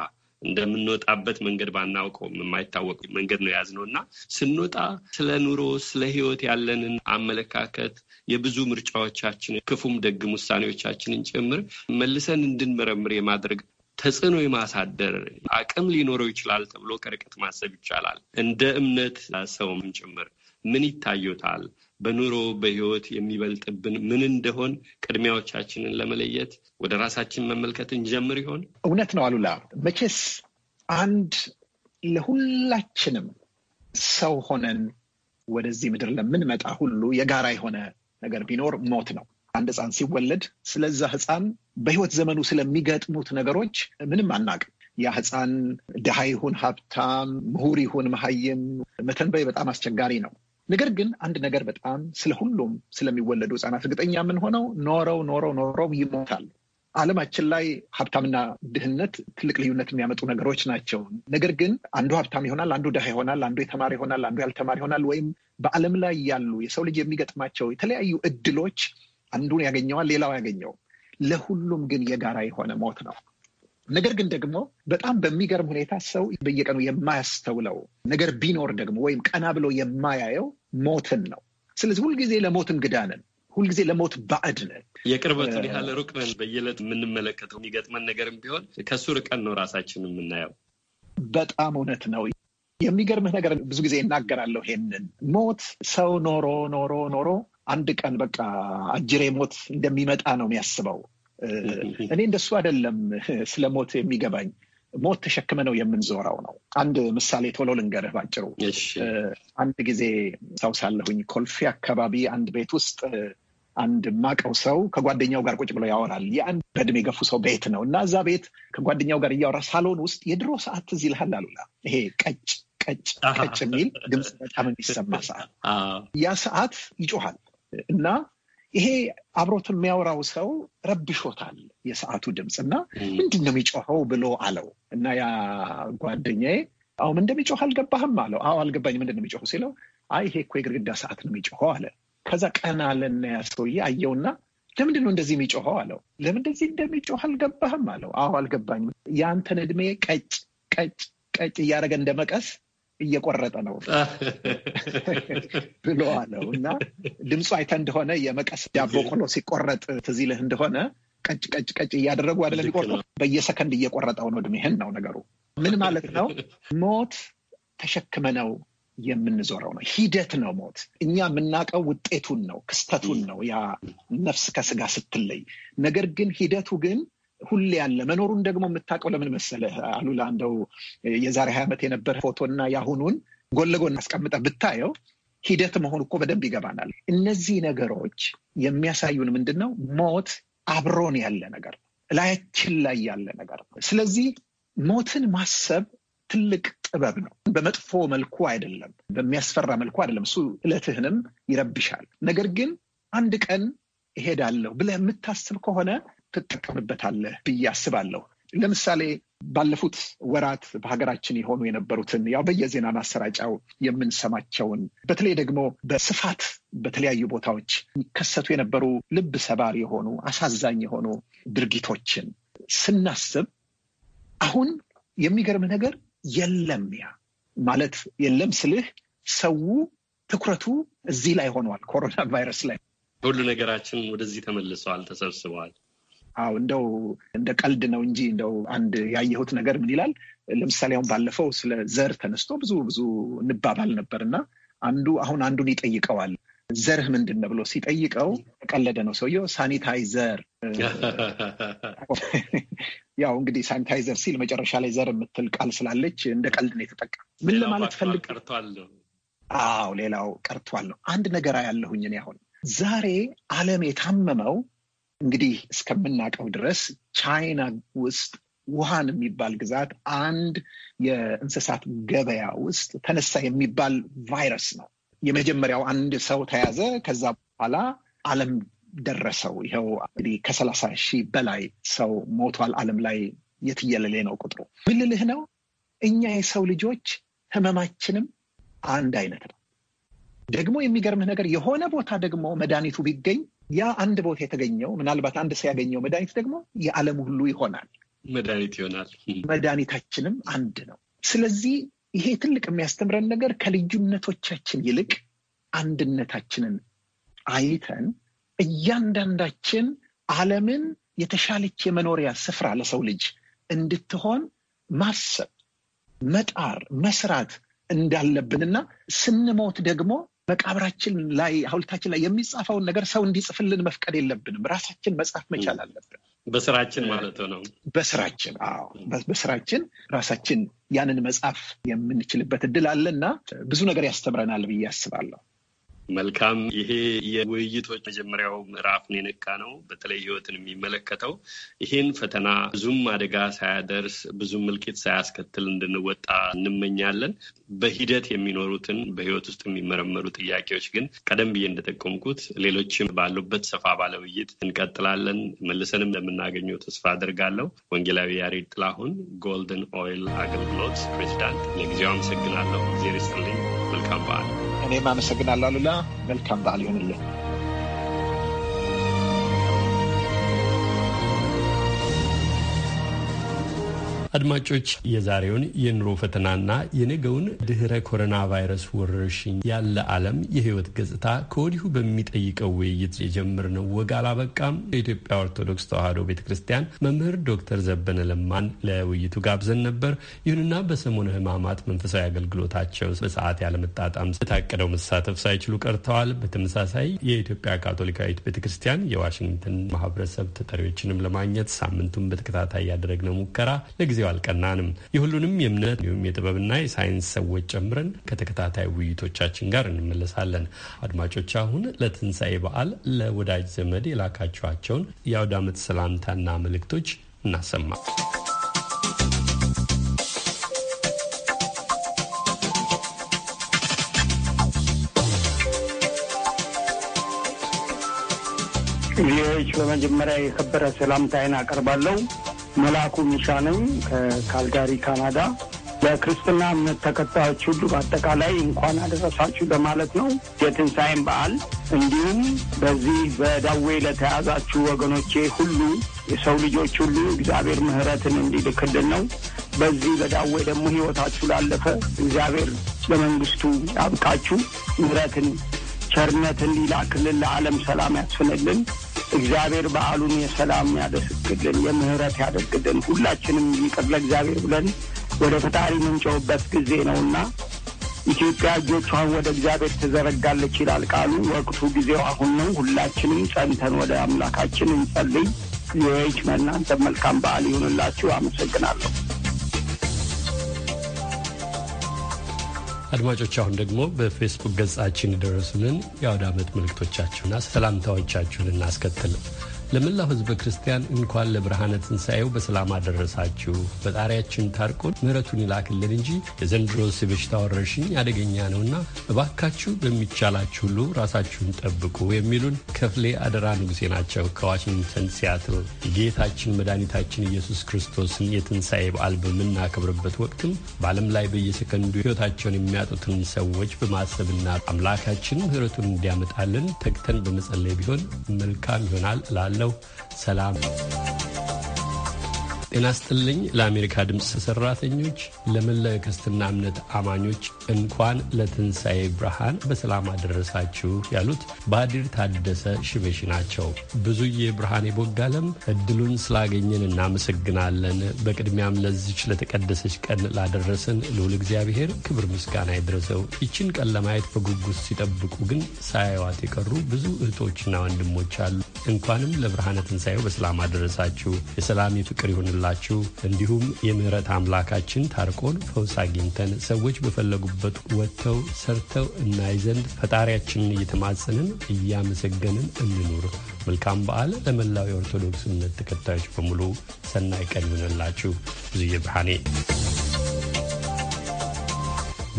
እንደምንወጣበት መንገድ ባናውቀውም የማይታወቅ መንገድ ነው የያዝነው እና ስንወጣ ስለ ኑሮ፣ ስለ ህይወት ያለንን አመለካከት የብዙ ምርጫዎቻችን ክፉም ደግም ውሳኔዎቻችንን ጭምር መልሰን እንድንመረምር የማድረግ ተጽዕኖ የማሳደር አቅም ሊኖረው ይችላል ተብሎ ከርቀት ማሰብ ይቻላል። እንደ እምነት ሰውም ጭምር ምን ይታዩታል? በኑሮ በህይወት የሚበልጥብን ምን እንደሆን ቅድሚያዎቻችንን ለመለየት ወደ ራሳችን መመልከት እንጀምር ይሆን? እውነት ነው አሉላ። መቼስ አንድ ለሁላችንም ሰው ሆነን ወደዚህ ምድር ለምንመጣ ሁሉ የጋራ የሆነ ነገር ቢኖር ሞት ነው። አንድ ህፃን ሲወለድ ስለዛ ህፃን በህይወት ዘመኑ ስለሚገጥሙት ነገሮች ምንም አናውቅም። ያ ህፃን ድሃ ይሁን ሀብታም፣ ምሁር ይሁን መሀይም መተንበይ በጣም አስቸጋሪ ነው። ነገር ግን አንድ ነገር በጣም ስለ ሁሉም ስለሚወለዱ ህጻናት እርግጠኛ የምንሆነው ኖረው ኖረው ኖረው ይሞታል። አለማችን ላይ ሀብታምና ድህነት ትልቅ ልዩነት የሚያመጡ ነገሮች ናቸው። ነገር ግን አንዱ ሀብታም ይሆናል፣ አንዱ ድሃ ይሆናል፣ አንዱ የተማረ ይሆናል፣ አንዱ ያልተማረ ይሆናል። ወይም በዓለም ላይ ያሉ የሰው ልጅ የሚገጥማቸው የተለያዩ እድሎች አንዱን ያገኘዋል፣ ሌላው ያገኘው ለሁሉም ግን የጋራ የሆነ ሞት ነው። ነገር ግን ደግሞ በጣም በሚገርም ሁኔታ ሰው በየቀኑ የማያስተውለው ነገር ቢኖር ደግሞ ወይም ቀና ብሎ የማያየው ሞትን ነው። ስለዚህ ሁልጊዜ ለሞት እንግዳ ነን። ሁልጊዜ ለሞት ባዕድ ነን። የቅርበቱን ያህል ሩቅ ነን። በየዕለት የምንመለከተው የሚገጥመን ነገርም ቢሆን ከእሱ ርቀን ነው ራሳችን የምናየው። በጣም እውነት ነው። የሚገርምህ ነገር ብዙ ጊዜ እናገራለሁ ይሄንን ሞት ሰው ኖሮ ኖሮ ኖሮ አንድ ቀን በቃ አጅሬ ሞት እንደሚመጣ ነው የሚያስበው እኔ እንደሱ አይደለም ስለ ሞት የሚገባኝ ሞት ተሸክመ ነው የምንዞረው ነው። አንድ ምሳሌ ቶሎ ልንገርህ ባጭሩ። አንድ ጊዜ ሰው ሳለሁኝ ኮልፌ አካባቢ አንድ ቤት ውስጥ አንድ ማቀው ሰው ከጓደኛው ጋር ቁጭ ብሎ ያወራል። የአንድ በእድሜ የገፉ ሰው ቤት ነው እና እዛ ቤት ከጓደኛው ጋር እያወራ ሳሎን ውስጥ የድሮ ሰዓት ትዝ ይልሃል አሉላ፣ ይሄ ቀጭ ቀጭ ቀጭ የሚል ድምፅ በጣም የሚሰማ ሰዓት ያ ሰዓት ይጮሃል እና ይሄ አብሮት የሚያወራው ሰው ረብሾታል የሰዓቱ ድምፅ እና ምንድን ነው የሚጮኸው ብሎ አለው እና ያ ጓደኛዬ አሁን እንደሚጮህ አልገባህም አለው። አዎ አልገባኝ፣ ምንድን ነው የሚጮኸው ሲለው አይ ይሄ እኮ የግድግዳ ሰዓት ነው የሚጮኸው አለ። ከዛ ቀና አለና ያ ሰውዬ አየውና ለምንድን ነው እንደዚህ የሚጮኸው አለው። ለምን እንደዚህ እንደሚጮህ አልገባህም አለው። አዎ አልገባኝ የአንተን እድሜ ቀጭ ቀጭ ቀጭ እያደረገ እንደ መቀስ እየቆረጠ ነው ብሎ አለው እና ድምፁ አይተ እንደሆነ የመቀስ ዳቦ ቆሎ ሲቆረጥ ትዚልህ እንደሆነ ቀጭ ቀጭ ቀጭ እያደረጉ አደለ የሚቆርጡ በየሰከንድ እየቆረጠው ነው እድሜህን ነው ነገሩ ምን ማለት ነው ሞት ተሸክመ ነው የምንዞረው ነው ሂደት ነው ሞት እኛ የምናውቀው ውጤቱን ነው ክስተቱን ነው ያ ነፍስ ከስጋ ስትለይ ነገር ግን ሂደቱ ግን ሁሌ ያለ መኖሩን ደግሞ የምታውቀው ለምን መሰለህ አሉላ? እንደው የዛሬ ሀያ ዓመት የነበረ ፎቶና የአሁኑን ጎን ለጎን አስቀምጠ ብታየው ሂደት መሆኑ እኮ በደንብ ይገባናል። እነዚህ ነገሮች የሚያሳዩን ምንድን ነው? ሞት አብሮን ያለ ነገር ነው፣ ላይ ያለ ነገር ነው። ስለዚህ ሞትን ማሰብ ትልቅ ጥበብ ነው። በመጥፎ መልኩ አይደለም፣ በሚያስፈራ መልኩ አይደለም። እሱ እለትህንም ይረብሻል። ነገር ግን አንድ ቀን እሄዳለሁ ብለህ የምታስብ ከሆነ ትጠቀምበታለህ ብዬ አስባለሁ። ለምሳሌ ባለፉት ወራት በሀገራችን የሆኑ የነበሩትን ያው በየዜና ማሰራጫው የምንሰማቸውን በተለይ ደግሞ በስፋት በተለያዩ ቦታዎች የሚከሰቱ የነበሩ ልብ ሰባር የሆኑ አሳዛኝ የሆኑ ድርጊቶችን ስናስብ አሁን የሚገርም ነገር የለም። ያ ማለት የለም ስልህ ሰው ትኩረቱ እዚህ ላይ ሆኗል። ኮሮና ቫይረስ ላይ ሁሉ ነገራችን ወደዚህ ተመልሰዋል፣ ተሰብስበዋል። አዎ እንደው እንደ ቀልድ ነው እንጂ እንደው አንድ ያየሁት ነገር ምን ይላል፣ ለምሳሌ አሁን ባለፈው ስለ ዘር ተነስቶ ብዙ ብዙ እንባባል ነበር እና አንዱ አሁን አንዱን ይጠይቀዋል ዘርህ ምንድን ነው ብሎ ሲጠይቀው ቀለደ ነው ሰውየው። ሳኒታይዘር [laughs] ያው እንግዲህ ሳኒታይዘር ሲል መጨረሻ ላይ ዘር የምትል ቃል ስላለች እንደ ቀልድ ነው የተጠቀም። ምን ለማለት ፈልግ? አዎ ሌላው ቀርቷል ነው አንድ ነገር ያለሁኝ እኔ አሁን ዛሬ ዓለም የታመመው እንግዲህ እስከምናውቀው ድረስ ቻይና ውስጥ ውሃን የሚባል ግዛት አንድ የእንስሳት ገበያ ውስጥ ተነሳ የሚባል ቫይረስ ነው። የመጀመሪያው አንድ ሰው ተያዘ። ከዛ በኋላ ዓለም ደረሰው። ይኸው እንግዲህ ከሰላሳ ሺህ በላይ ሰው ሞቷል። ዓለም ላይ የትየለሌ ነው ቁጥሩ። ምን ልልህ ነው? እኛ የሰው ልጆች ህመማችንም አንድ አይነት ነው። ደግሞ የሚገርምህ ነገር የሆነ ቦታ ደግሞ መድኃኒቱ ቢገኝ ያ አንድ ቦታ የተገኘው ምናልባት አንድ ሰው ያገኘው መድኃኒት ደግሞ የዓለም ሁሉ ይሆናል፣ መድኃኒት ይሆናል። መድኃኒታችንም አንድ ነው። ስለዚህ ይሄ ትልቅ የሚያስተምረን ነገር ከልዩነቶቻችን ይልቅ አንድነታችንን አይተን እያንዳንዳችን ዓለምን የተሻለች የመኖሪያ ስፍራ ለሰው ልጅ እንድትሆን ማሰብ፣ መጣር፣ መስራት እንዳለብንና ስንሞት ደግሞ መቃብራችን ላይ ሀውልታችን ላይ የሚጻፈውን ነገር ሰው እንዲጽፍልን መፍቀድ የለብንም። ራሳችን መጽሐፍ መቻል አለብን። በስራችን ማለት ነው። በስራችን አዎ፣ በስራችን ራሳችን ያንን መጽሐፍ የምንችልበት እድል አለና ብዙ ነገር ያስተምረናል ብዬ አስባለሁ። መልካም። ይሄ የውይይቶች መጀመሪያው ምዕራፍን የነካ ነው። በተለይ ህይወትን የሚመለከተው ይህን ፈተና ብዙም አደጋ ሳያደርስ ብዙም እልቂት ሳያስከትል እንድንወጣ እንመኛለን። በሂደት የሚኖሩትን በህይወት ውስጥ የሚመረመሩ ጥያቄዎች ግን ቀደም ብዬ እንደጠቆምኩት ሌሎችም ባሉበት ሰፋ ባለ ውይይት እንቀጥላለን። መልሰንም ለምናገኘው ተስፋ አድርጋለሁ። ወንጌላዊ ያሬድ ጥላሁን ጎልደን ኦይል አገልግሎት ፕሬዚዳንት፣ ለጊዜው አመሰግናለሁ። ዜር ይስጥልኝ። መልካም በዓል። يعني ما مسكنا لا لا ملك عند عليون الله አድማጮች የዛሬውን የኑሮ ፈተናና የነገውን ድህረ ኮሮና ቫይረስ ወረርሽኝ ያለ ዓለም የህይወት ገጽታ ከወዲሁ በሚጠይቀው ውይይት የጀመርነው ወግ አላበቃም። የኢትዮጵያ ኦርቶዶክስ ተዋሕዶ ቤተ ክርስቲያን መምህር ዶክተር ዘበነ ለማን ለውይይቱ ጋብዘን ነበር። ይሁንና በሰሞነ ህማማት መንፈሳዊ አገልግሎታቸው በሰዓት ያለመጣጣም የታቀደው መሳተፍ ሳይችሉ ቀርተዋል። በተመሳሳይ የኢትዮጵያ ካቶሊካዊት ቤተ ክርስቲያን የዋሽንግተን ማህበረሰብ ተጠሪዎችንም ለማግኘት ሳምንቱን በተከታታይ ያደረግነው ሙከራ ለጊዜ ለጊዜው አልቀናንም። የሁሉንም የእምነት እንዲሁም የጥበብና የሳይንስ ሰዎች ጨምረን ከተከታታይ ውይይቶቻችን ጋር እንመለሳለን። አድማጮች፣ አሁን ለትንሣኤ በዓል ለወዳጅ ዘመድ የላካችኋቸውን የአውደ ዓመት ሰላምታና መልእክቶች እናሰማ። ቪዲዮዎች በመጀመሪያ የከበረ ሰላምታዬን አቀርባለሁ። መልአኩ ሚሻ ነኝ ከካልጋሪ ካናዳ። ለክርስትና እምነት ተከታዮች ሁሉ በአጠቃላይ እንኳን አደረሳችሁ ለማለት ነው የትንሣኤን በዓል እንዲሁም በዚህ በዳዌ ለተያዛችሁ ወገኖቼ ሁሉ የሰው ልጆች ሁሉ እግዚአብሔር ምሕረትን እንዲልክልን ነው። በዚህ በዳዌ ደግሞ ሕይወታችሁ ላለፈ እግዚአብሔር ለመንግስቱ ያብቃችሁ። ምሕረትን ቸርነትን ሊላክልን ለዓለም ሰላም ያስፍንልን። እግዚአብሔር በዓሉን የሰላም ያደስግልን፣ የምህረት ያደርግልን። ሁላችንም ይቅር ለእግዚአብሔር ብለን ወደ ፈጣሪ ምንጮውበት ጊዜ ነውና ኢትዮጵያ እጆቿን ወደ እግዚአብሔር ትዘረጋለች ይላል ቃሉ። ወቅቱ ጊዜው አሁን ነው። ሁላችንም ጸንተን ወደ አምላካችን እንጸልይ። ቪኦኤ መናንተ መልካም በዓል ይሁንላችሁ። አመሰግናለሁ። አድማጮች አሁን ደግሞ በፌስቡክ ገጻችን የደረሱንን የአውደ ዓመት ምልክቶቻችሁና ሰላምታዎቻችሁን እናስከትል። ለመላው ህዝበ ክርስቲያን እንኳን ለብርሃነ ትንሣኤው በሰላም አደረሳችሁ። በጣሪያችን ታርቆን ምሕረቱን ይላክልን እንጂ የዘንድሮ የበሽታ ወረርሽኝ አደገኛ ነውና እባካችሁ በሚቻላችሁ ሁሉ ራሳችሁን ጠብቁ የሚሉን ከፍሌ አደራ ንጉሴ ናቸው ከዋሽንግተን ሲያትል። የጌታችን መድኃኒታችን ኢየሱስ ክርስቶስን የትንሣኤ በዓል በምናከብርበት ወቅትም በዓለም ላይ በየሰከንዱ ሕይወታቸውን የሚያጡትን ሰዎች በማሰብና አምላካችን ምሕረቱን እንዲያመጣልን ተግተን በመጸለይ ቢሆን መልካም ይሆናል እላለሁ። እመኛለሁ። ሰላም ጤና ስትልኝ ለአሜሪካ ድምፅ ሰራተኞች፣ ለመላው የክርስትና እምነት አማኞች እንኳን ለትንሣኤ ብርሃን በሰላም አደረሳችሁ ያሉት ባዲር ታደሰ ሽበሺ ናቸው። ብዙ ብርሃን የቦጋለም እድሉን ስላገኘን እናመሰግናለን። በቅድሚያም ለዚች ለተቀደሰች ቀን ላደረሰን ልዑል እግዚአብሔር ክብር ምስጋና ይድረሰው። ይችን ቀን ለማየት በጉጉት ሲጠብቁ ግን ሳያዋት የቀሩ ብዙ እህቶችና ወንድሞች አሉ። እንኳንም ለብርሃነ ትንሣኤው በሰላም አደረሳችሁ። የሰላም የፍቅር ይሆንላችሁ ያደረገላችሁ እንዲሁም የምህረት አምላካችን ታርቆን ፈውስ አግኝተን ሰዎች በፈለጉበት ወጥተው ሰርተው እናይ ዘንድ ፈጣሪያችንን እየተማጸንን እያመሰገንን እንኑር። መልካም በዓል ለመላው የኦርቶዶክስ እምነት ተከታዮች በሙሉ ሰናይ ቀን ይሆንላችሁ። ብዙዬ ብርሃኔ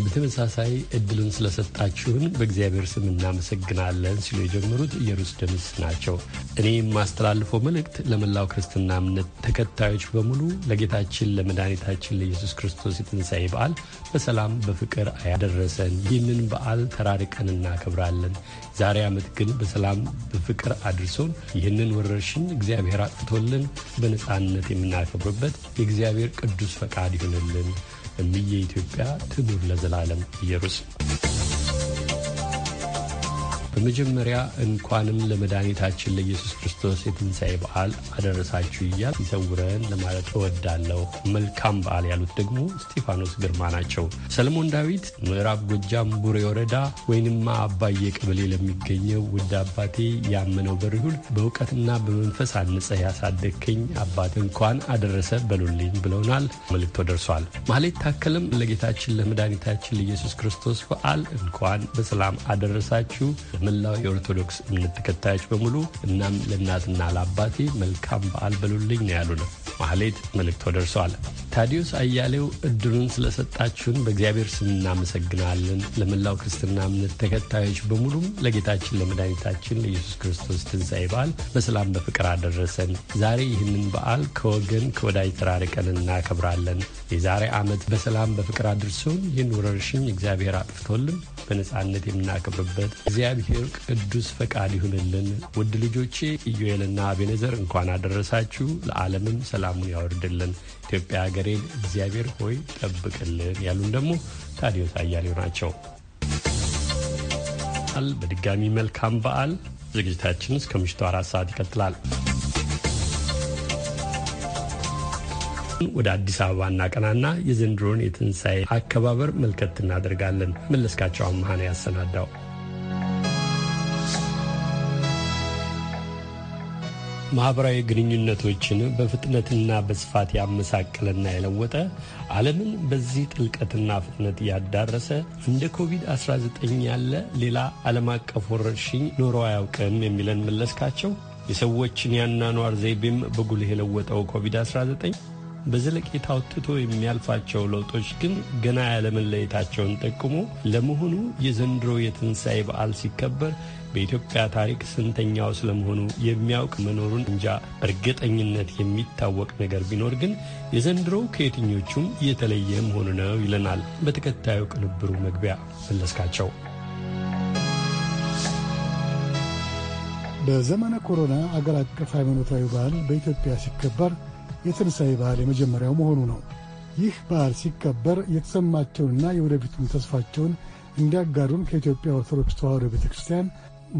በተመሳሳይ እድሉን ስለሰጣችሁን በእግዚአብሔር ስም እናመሰግናለን ሲሉ የጀመሩት ኢየሩስ ደምስ ናቸው። እኔ የማስተላልፈው መልእክት ለመላው ክርስትና እምነት ተከታዮች በሙሉ ለጌታችን ለመድኃኒታችን ለኢየሱስ ክርስቶስ የትንሣኤ በዓል በሰላም በፍቅር አያደረሰን። ይህንን በዓል ተራርቀን እናከብራለን። ዛሬ ዓመት ግን በሰላም በፍቅር አድርሶን ይህንን ወረርሽኝ እግዚአብሔር አጥቶልን በነፃነት የምናከብርበት የእግዚአብሔር ቅዱስ ፈቃድ ይሆንልን። እምዬ ኢትዮጵያ ትኑር ለዘላለም ኢየሩስ። በመጀመሪያ እንኳንም ለመድኃኒታችን ለኢየሱስ ክርስቶስ የትንሣኤ በዓል አደረሳችሁ እያል ይሰውረን ለማለት እወዳለሁ። መልካም በዓል ያሉት ደግሞ እስጢፋኖስ ግርማ ናቸው። ሰለሞን ዳዊት ምዕራብ ጎጃም ቡሬ ወረዳ ወይንማ አባየ ቀበሌ ለሚገኘው ውድ አባቴ ያመነው በርሁል በእውቀትና በመንፈስ አንጸ ያሳደግከኝ አባት እንኳን አደረሰ በሉልኝ ብለውናል። መልእክቶ ደርሷል። ማህሌት ታከልም ለጌታችን ለመድኃኒታችን ለኢየሱስ ክርስቶስ በዓል እንኳን በሰላም አደረሳችሁ ለመላው የኦርቶዶክስ እምነት ተከታዮች በሙሉ እናም ለእናትና ለአባቴ መልካም በዓል በሉልኝ ነው ያሉ ነው። ማህሌት መልእክቶ ደርሰዋል። ታዲዮስ አያሌው እድሉን ስለሰጣችሁን በእግዚአብሔር ስም እናመሰግናለን። ለመላው ክርስትና እምነት ተከታዮች በሙሉም ለጌታችን ለመድኃኒታችን ለኢየሱስ ክርስቶስ ትንሣኤ በዓል በሰላም በፍቅር አደረሰን። ዛሬ ይህንን በዓል ከወገን ከወዳጅ ተራርቀን እናከብራለን። የዛሬ ዓመት በሰላም በፍቅር አድርሶን ይህን ወረርሽኝ እግዚአብሔር አጥፍቶልን በነፃነት የምናከብርበት እግዚአብሔር ቅዱስ ፈቃድ ይሁንልን። ውድ ልጆቼ ኢዮኤልና አቤነዘር እንኳን አደረሳችሁ። ለዓለምም ሰላም ሰላሙን ያወርድልን፣ ኢትዮጵያ ሀገሬን እግዚአብሔር ሆይ ጠብቅልን ያሉን ደግሞ ታዲዮስ አያሌው ናቸው። በድጋሚ መልካም በዓል። ዝግጅታችን እስከ ምሽቱ አራት ሰዓት ይቀጥላል። ወደ አዲስ አበባ እናቀናና የዘንድሮን የትንሣኤ አከባበር መልከት እናደርጋለን። መለስካቸው አመሀን ያሰናዳው ማኅበራዊ ግንኙነቶችን በፍጥነትና በስፋት ያመሳቀለና የለወጠ ዓለምን በዚህ ጥልቀትና ፍጥነት ያዳረሰ እንደ ኮቪድ-19 ያለ ሌላ ዓለም አቀፍ ወረርሽኝ ኖሮ አያውቅም የሚለን መለስካቸው የሰዎችን ያናኗር ዘይቤም በጉልህ የለወጠው ኮቪድ-19 በዘለቄታ ትቶ የሚያልፋቸው ለውጦች ግን ገና ያለመለየታቸውን ጠቁሞ ለመሆኑ የዘንድሮ የትንሣኤ በዓል ሲከበር በኢትዮጵያ ታሪክ ስንተኛው ስለመሆኑ የሚያውቅ መኖሩን እንጃ። በእርግጠኝነት የሚታወቅ ነገር ቢኖር ግን የዘንድሮው ከየትኞቹም የተለየ መሆኑ ነው ይለናል በተከታዩ ቅንብሩ መግቢያ መለስካቸው። በዘመነ ኮሮና አገር አቀፍ ሃይማኖታዊ በዓል በኢትዮጵያ ሲከበር የትንሣኤ በዓል የመጀመሪያው መሆኑ ነው። ይህ በዓል ሲከበር የተሰማቸውንና የወደፊቱን ተስፋቸውን እንዲያጋሩን ከኢትዮጵያ ኦርቶዶክስ ተዋሕዶ ቤተ ክርስቲያን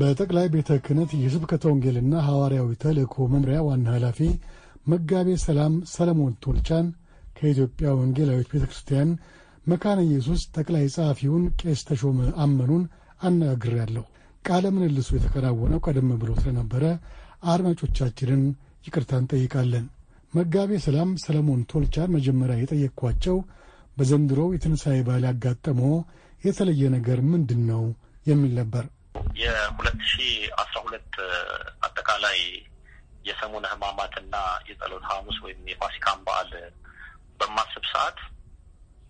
በጠቅላይ ቤተ ክህነት የስብከተ ወንጌልና ሐዋርያዊ ተልእኮ መምሪያ ዋና ኃላፊ መጋቤ ሰላም ሰለሞን ቶልቻን ከኢትዮጵያ ወንጌላዊት ቤተ ክርስቲያን መካነ ኢየሱስ ጠቅላይ ጸሐፊውን ቄስ ተሾመ አመኑን አነጋግሬያለሁ። ቃለ ምልልሱ የተከናወነው ቀደም ብሎ ስለነበረ አድማጮቻችንን ይቅርታ እንጠይቃለን። መጋቤ ሰላም ሰለሞን ቶልቻን መጀመሪያ የጠየቅኳቸው በዘንድሮው የትንሣኤ በዓል ያጋጠመው የተለየ ነገር ምንድን ነው የሚል ነበር። የሁለት ሺ አስራ ሁለት አጠቃላይ የሰሙነ ህማማትና የጸሎት ሐሙስ ወይም የፋሲካን በዓል በማስብ ሰዓት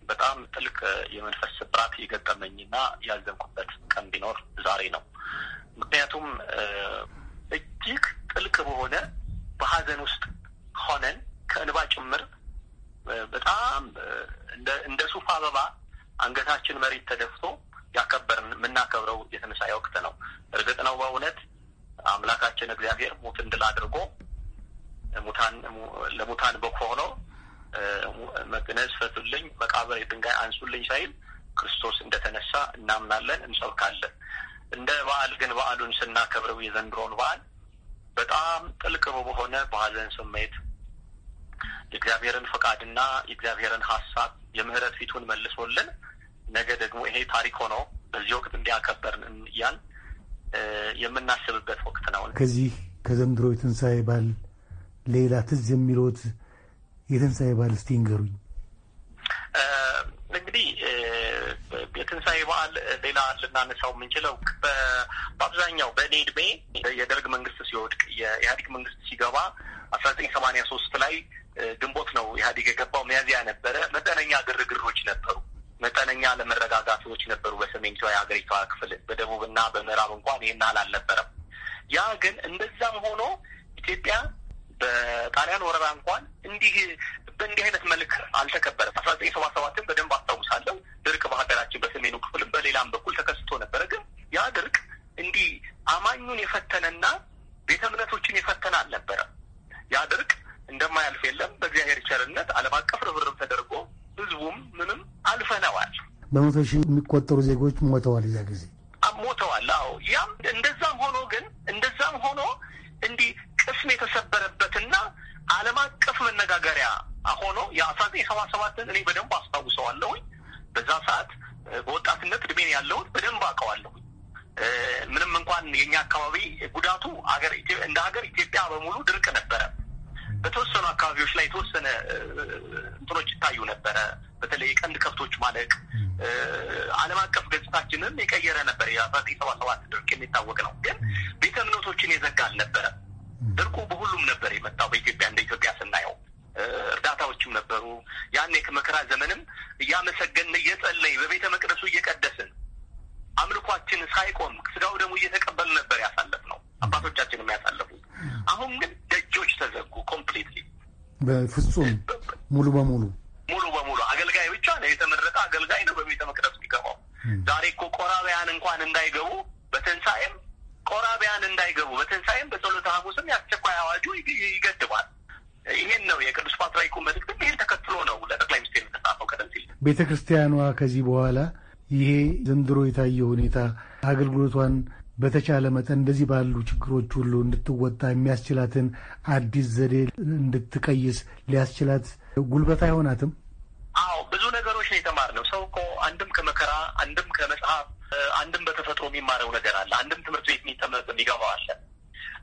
በጣም ጥልቅ የመንፈስ ስብራት የገጠመኝና ያዘንኩበት ቀን ቢኖር ዛሬ ነው። ምክንያቱም እጅግ ጥልቅ በሆነ በሀዘን ውስጥ ሆነን ከእንባ ጭምር በጣም እንደ ሱፍ አበባ አንገታችን መሬት ተደፍቶ ያከበርን የምናከብረው የትንሣኤ ወቅት ነው። እርግጥ ነው በእውነት አምላካችን እግዚአብሔር ሙትን ድል አድርጎ ለሙታን በኮ ሆኖ መግነዝ ፈቱልኝ፣ መቃብር የድንጋይ አንሱልኝ ሳይል ክርስቶስ እንደተነሳ እናምናለን፣ እንሰብካለን። እንደ በዓል ግን በዓሉን ስናከብረው የዘንድሮን በዓል በጣም ጥልቅ በሆነ በሐዘን ስሜት የእግዚአብሔርን ፈቃድና የእግዚአብሔርን ሀሳብ የምህረት ፊቱን መልሶልን ነገ ደግሞ ይሄ ታሪክ ሆኖ በዚህ ወቅት እንዲያከበርን እያል የምናስብበት ወቅት ነው። ከዚህ ከዘንድሮ የትንሣኤ በዓል ሌላ ትዝ የሚለት የትንሣኤ በዓል እስቲ ንገሩኝ። እንግዲህ የትንሣኤ በዓል ሌላ ልናነሳው የምንችለው በአብዛኛው በእኔ እድሜ የደርግ መንግስት ሲወድቅ የኢህአዴግ መንግስት ሲገባ አስራ ዘጠኝ ሰማንያ ሶስት ላይ ግንቦት ነው ኢህአዴግ የገባው፣ ሚያዝያ ነበረ። መጠነኛ ግርግሮች ነበሩ። መጠነኛ ለመረጋጋቶች ነበሩ በሰሜን በሰሜኒቷ የሀገሪቷ ክፍል፣ በደቡብና በምዕራብ እንኳን ይህን ያህል አልነበረም። ያ ግን እንደዛም ሆኖ ኢትዮጵያ በጣሊያን ወረራ እንኳን እንዲህ በእንዲህ አይነት መልክ አልተከበረም። አስራ ዘጠኝ ሰባ ሰባትን በደንብ አስታውሳለሁ። ድርቅ በሀገራችን በሰሜኑ ክፍል በሌላም በኩል ተከስቶ ነበረ። ግን ያ ድርቅ እንዲህ አማኙን የፈተነና ቤተ እምነቶችን የፈተነ አልነበረም። ያ ድርቅ እንደማያልፍ የለም። በእግዚአብሔር ቸርነት ዓለም አቀፍ ርብርብ ተደርጎ ህዝቡም ምንም አልፈነዋል። በመቶ ሺህ የሚቆጠሩ ዜጎች ሞተዋል። እዚያ ጊዜ ሞተዋል። አዎ ያም እንደዛም ሆኖ ግን እንደዛም ሆኖ እንዲህ ቅስም የተሰበረበትና ዓለም አቀፍ መነጋገሪያ ሆኖ የአስራ ዘጠኝ ሰባ ሰባትን እኔ በደንብ አስታውሰዋለሁኝ። በዛ ሰዓት በወጣትነት እድሜን ያለውን በደንብ አውቀዋለሁኝ። ምንም እንኳን የኛ አካባቢ ጉዳቱ እንደ ሀገር ኢትዮጵያ በሙሉ ድርቅ ነበረ። በተወሰኑ አካባቢዎች ላይ የተወሰነ እንትኖች ይታዩ ነበረ። በተለይ የቀንድ ከብቶች ማለቅ ዓለም አቀፍ ገጽታችንም የቀየረ ነበር። የአስራ ዘጠኝ ሰባ ሰባት ድርቅ የሚታወቅ ነው። ግን ቤተ እምነቶችን የዘጋ አልነበረም። ድርቁ በሁሉም ነበር የመጣው። በኢትዮጵያ እንደ ኢትዮጵያ ስናየው እርዳታዎችም ነበሩ። ያን የመከራ ዘመንም እያመሰገን እየጸለይ በቤተ መቅደሱ እየቀደስን አምልኳችን ሳይቆም ስጋው ደግሞ እየተቀበል ነበር ያሳለፍ ነው አባቶቻችንም ያሳለፉ አሁን ግን ደጆች ተዘጉ። ኮምፕሊትሊ በፍጹም ሙሉ በሙሉ ሙሉ በሙሉ አገልጋይ ብቻ ነው፣ የተመረጠ አገልጋይ ነው በቤተ መቅደስ የሚገባው። ዛሬ እኮ ቆራቢያን እንኳን እንዳይገቡ በትንሳኤም ቆራቢያን እንዳይገቡ በትንሳኤም በጸሎተ ሐሙስም የአስቸኳይ አዋጁ ይገድባል። ይሄን ነው የቅዱስ ፓትርያርኩ መልእክትም ይህን ተከትሎ ነው ለጠቅላይ ሚኒስትር የተጻፈው። ቀደም ሲል ቤተ ክርስቲያኗ ከዚህ በኋላ ይሄ ዘንድሮ የታየው ሁኔታ አገልግሎቷን በተቻለ መጠን እንደዚህ ባሉ ችግሮች ሁሉ እንድትወጣ የሚያስችላትን አዲስ ዘዴ እንድትቀይስ ሊያስችላት ጉልበት አይሆናትም? አዎ ብዙ ነገሮች ነው የተማርነው። ሰው እኮ አንድም ከመከራ አንድም ከመጽሐፍ አንድም በተፈጥሮ የሚማረው ነገር አለ። አንድም ትምህርት ቤት የሚገባው አለ።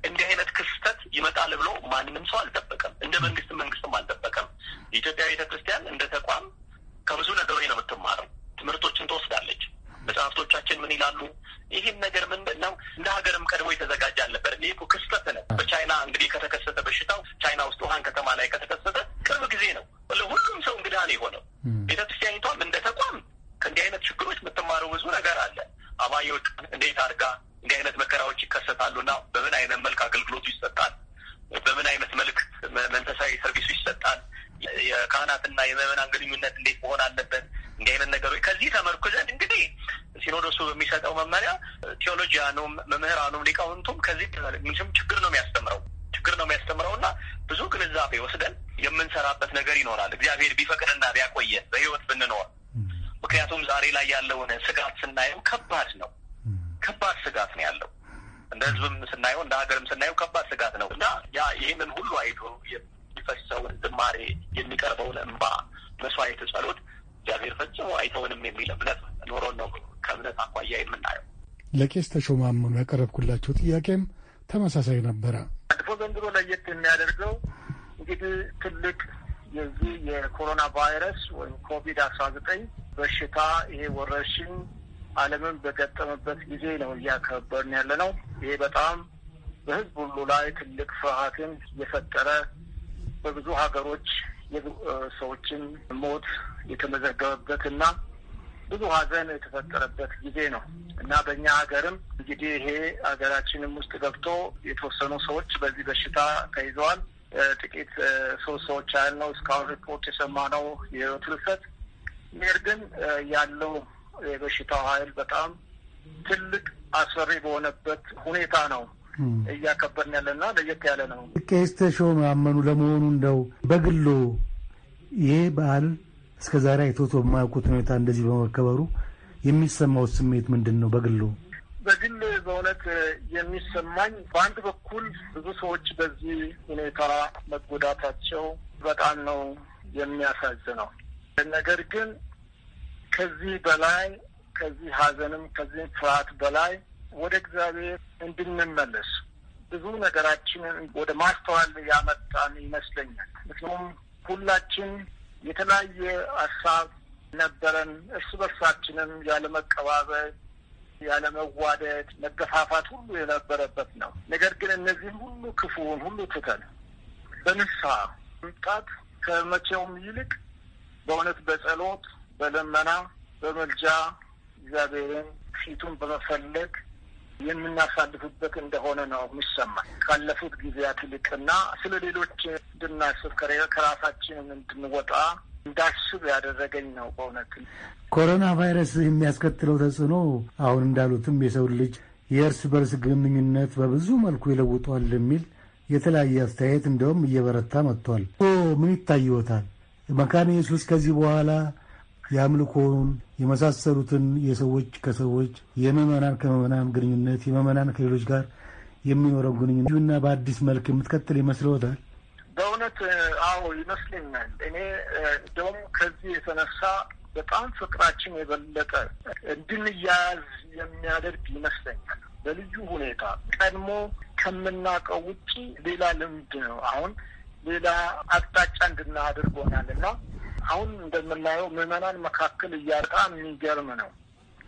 እንዲህ አይነት ክስተት ይመጣል ብሎ ማንም ሰው አልጠበቀም። እንደ መንግስት መንግስትም አልጠበቀም። የኢትዮጵያ ቤተክርስቲያን እንደ ተቋም ከብዙ ነገሮች ነው የምትማረው። ትምህርቶችን ትወስዳለች። መጽሐፍቶቻችን ምን ይላሉ? ይህን ነገር ምንድን ነው እንደ ሀገርም ቀድሞ የተዘጋጀ አልነበረም። ይህ ክስተት ነው። በቻይና እንግዲህ ከተከሰተ በሽታው ቻይና ውስጥ ውሃን ከተማ ላይ ከተከሰተ ቅርብ ጊዜ ነው። ሁሉም ሰው እንግዳ ነው የሆነው። ቤተክርስቲያኒቷም እንደ ተቋም ከእንዲህ አይነት ችግሮች የምትማረው ብዙ ነገር አለ። አማኞች እንዴት አድርጋ እንዲህ አይነት መከራዎች ይከሰታሉና በምን አይነት መልክ አገልግሎቱ ይሰጣል፣ በምን አይነት መልክ መንፈሳዊ ሰርቪሱ ይሰጣል፣ የካህናትና የምዕመናን ግንኙነት እንዴት መሆን አለበት፣ እንዲህ አይነት ነገሮች ከዚህ ተመርኩዘን እንግዲህ ሲኖዶሱ በሚሰጠው መመሪያ ቴዎሎጂያኑም መምህራኑም ሊቃውንቱም ከዚህ ምንም ችግር ነው የሚያስተምረው ችግር ነው የሚያስተምረው እና ብዙ ግንዛቤ ወስደን የምንሰራበት ነገር ይኖራል። እግዚአብሔር ቢፈቅድና ቢያቆየን በህይወት ብንኖር። ምክንያቱም ዛሬ ላይ ያለውን ስጋት ስናየው ከባድ ነው። ከባድ ስጋት ነው ያለው። እንደ ህዝብም ስናየው እንደ ሀገርም ስናየው ከባድ ስጋት ነው እና ያ ይህንን ሁሉ አይቶ የሚፈሰውን ዝማሬ፣ የሚቀርበውን እንባ፣ መስዋዕት፣ ጸሎት እግዚአብሔር ፈጽሞ አይተውንም የሚል እምነት ኖሮን ነው ከእምነት አኳያ የምናየው። ለቄስ ተሾመ ያቀረብኩላቸው ጥያቄም ተመሳሳይ ነበረ። መጥፎ ዘንድሮ ለየት የሚያደርገው እንግዲህ ትልቅ የዚህ የኮሮና ቫይረስ ወይም ኮቪድ አስራ ዘጠኝ በሽታ ይሄ ወረርሽኝ ዓለምን በገጠመበት ጊዜ ነው እያከበርን ያለ ነው። ይሄ በጣም በህዝብ ሁሉ ላይ ትልቅ ፍርሃትን የፈጠረ በብዙ ሀገሮች ሰዎችን ሞት የተመዘገበበትና ብዙ ሀዘን የተፈጠረበት ጊዜ ነው እና በእኛ ሀገርም እንግዲህ ይሄ ሀገራችንም ውስጥ ገብቶ የተወሰኑ ሰዎች በዚህ በሽታ ተይዘዋል። ጥቂት ሶስት ሰዎች ያህል ነው እስካሁን ሪፖርት የሰማነው የህይወት ህልፈት። ነገር ግን ያለው የበሽታው ኃይል በጣም ትልቅ አስፈሪ በሆነበት ሁኔታ ነው እያከበርን ያለ ያለና ለየት ያለ ነው። ቄስ ተሾመ አመኑ፣ ለመሆኑ እንደው በግሎ ይሄ በዓል እስከዛሬ አይቶት በማያውቁት ሁኔታ እንደዚህ በመከበሩ የሚሰማው ስሜት ምንድን ነው? በግሎ በግል በእውነት የሚሰማኝ በአንድ በኩል ብዙ ሰዎች በዚህ ሁኔታ መጎዳታቸው በጣም ነው የሚያሳዝነው። ነገር ግን ከዚህ በላይ ከዚህ ሀዘንም ከዚህ ፍርሃት በላይ ወደ እግዚአብሔር እንድንመለስ ብዙ ነገራችንን ወደ ማስተዋል ያመጣን ይመስለኛል። ምክንያቱም ሁላችን የተለያየ ሀሳብ ነበረን። እርስ በርሳችንም ያለመቀባበል፣ ያለመዋደድ፣ መገፋፋት ሁሉ የነበረበት ነው። ነገር ግን እነዚህም ሁሉ ክፉውን ሁሉ ትተን በንስሐ መምጣት ከመቼውም ይልቅ በእውነት በጸሎት፣ በልመና፣ በመልጃ እግዚአብሔርን ፊቱን በመፈለግ የምናሳልፍበት እንደሆነ ነው የሚሰማኝ። ካለፉት ጊዜያት ይልቅና ስለ ሌሎች እንድናስብ ከራሳችን እንድንወጣ እንዳስብ ያደረገኝ ነው። በእውነት ኮሮና ቫይረስ የሚያስከትለው ተጽዕኖ አሁን እንዳሉትም የሰው ልጅ የእርስ በርስ ግንኙነት በብዙ መልኩ ይለውጧል የሚል የተለያየ አስተያየት እንደውም እየበረታ መጥቷል። ምን ይታይዎታል? መካነ ኢየሱስ ከዚህ በኋላ የአምልኮውን የመሳሰሉትን የሰዎች ከሰዎች የምዕመናን ከምዕመናን ግንኙነት የምዕመናን ከሌሎች ጋር የሚኖረው ግንኙነት እና በአዲስ መልክ የምትቀጥል ይመስልዎታል? በእውነት አዎ ይመስለኛል። እኔ እንደውም ከዚህ የተነሳ በጣም ፍቅራችን የበለጠ እንድንያያዝ የሚያደርግ ይመስለኛል። በልዩ ሁኔታ ቀድሞ ከምናውቀው ውጪ ሌላ ልምድ ነው አሁን ሌላ አቅጣጫ እንድናደርግ ሆናል እና አሁን እንደምናየው ምዕመናን መካከል እያጣ የሚገርም ነው።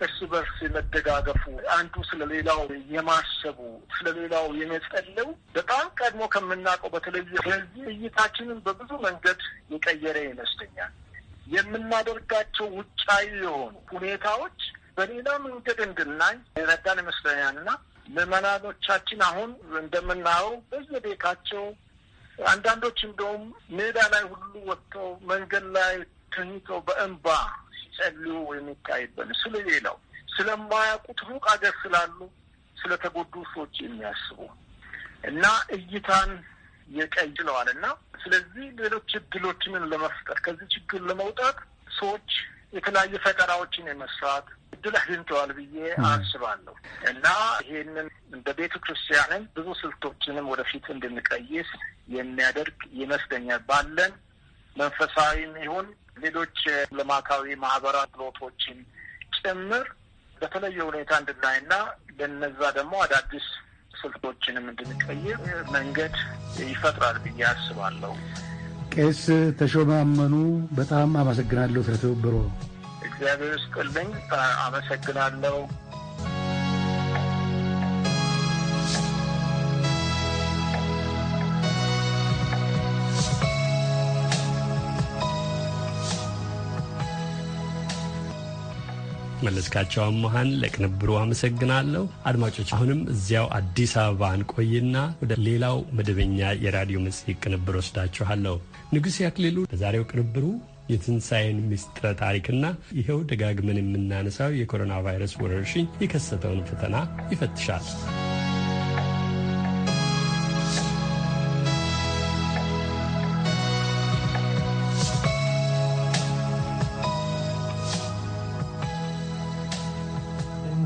እርስ በርስ የመደጋገፉ አንዱ ስለ ሌላው የማሰቡ ስለ ሌላው የመጸለው በጣም ቀድሞ ከምናውቀው በተለየ ስለዚህ እይታችንን በብዙ መንገድ የቀየረ ይመስለኛል። የምናደርጋቸው ውጫዊ የሆኑ ሁኔታዎች በሌላ መንገድ እንድናይ የረዳን ይመስለኛል እና ምዕመናኖቻችን አሁን እንደምናየው በየቤታቸው አንዳንዶች እንደውም ሜዳ ላይ ሁሉ ወጥተው መንገድ ላይ ተኝተው በእንባ ሲጸልዩ የሚታይበት ስለ ሌላው ስለማያውቁት ሩቅ አገር ስላሉ ስለተጎዱ ሰዎች የሚያስቡ እና እይታን የቀይ ነዋል እና ስለዚህ ሌሎች እድሎችንን ለመፍጠር ከዚህ ችግር ለመውጣት ሰዎች የተለያዩ ፈጠራዎችን የመስራት እድል አግኝተዋል ብዬ አስባለሁ እና ይሄንን እንደ ቤተ ክርስቲያንን ብዙ ስልቶችንም ወደፊት እንድንቀይስ የሚያደርግ ይመስለኛል። ባለን መንፈሳዊም ይሁን ሌሎች ልማታዊ ማህበራት ሎቶችን ጭምር በተለየ ሁኔታ እንድናይና ለነዛ ደግሞ አዳዲስ ስልቶችንም እንድንቀይር መንገድ ይፈጥራል ብዬ አስባለሁ። ቄስ ተሾማመኑ በጣም አመሰግናለሁ ስለተባበሩ። እግዚአብሔር ይስጥልኝ። አመሰግናለሁ። መለስካቸው አመሃን ለቅንብሩ አመሰግናለሁ። አድማጮች አሁንም እዚያው አዲስ አበባ እንቆይና ወደ ሌላው መደበኛ የራዲዮ መጽሔት ቅንብር ወስዳችኋለሁ። ንጉሥ አክሊሉ በዛሬው ቅንብሩ የትንሣኤን ምስጢረ ታሪክና ይኸው ደጋግመን የምናነሳው የኮሮና ቫይረስ ወረርሽኝ የከሰተውን ፈተና ይፈትሻል።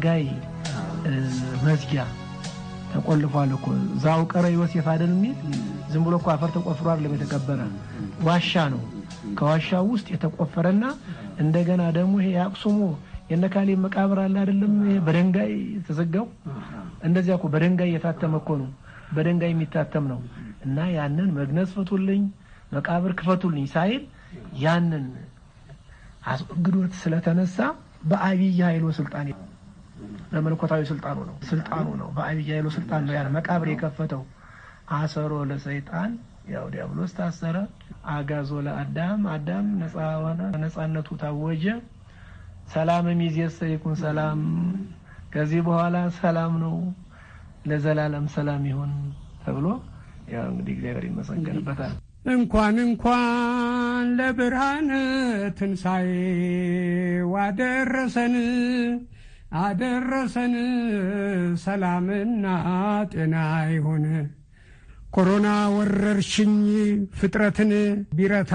ድንጋይ መዝጊያ ተቆልፏል እኮ ዛው ቀረ ዮሴፍ አይደል የሚል ዝም ብሎ እኮ አፈር ተቆፍሮ አይደለም የተቀበረ ዋሻ ነው። ከዋሻው ውስጥ የተቆፈረና እንደገና ደግሞ ይሄ የአክሱሙ የነካሌ መቃብር አለ አይደለም በደንጋይ ተዘጋው። እንደዚያ እኮ በድንጋይ እየታተመ እኮ ነው፣ በደንጋይ የሚታተም ነው። እና ያንን መግነዝ ፍቱልኝ፣ መቃብር ክፈቱልኝ ሳይል ያንን አስወግዶት ስለተነሳ በአብይ ኃይሎ ስልጣን በመለኮታዊ ስልጣኑ ነው ስልጣኑ ነው በአብይ ኃይሉ ስልጣን ነው ያን መቃብር የከፈተው። አሰሮ ለሰይጣን ያው ዲያብሎስ ታሰረ። አጋዞ ለአዳም አዳም ነጻ ሆነ፣ ነጻነቱ ታወጀ። ሰላም ይዜሰ ይኩን ሰላም፣ ከዚህ በኋላ ሰላም ነው ለዘላለም ሰላም ይሁን ተብሎ ያው እንግዲህ እግዚአብሔር ይመሰገንበታል። እንኳን እንኳን ለብርሃነ ትንሣኤ ዋደረሰን አደረሰን ሰላምና ጤና ይሁን። ኮሮና ወረርሽኝ ፍጥረትን ቢረታ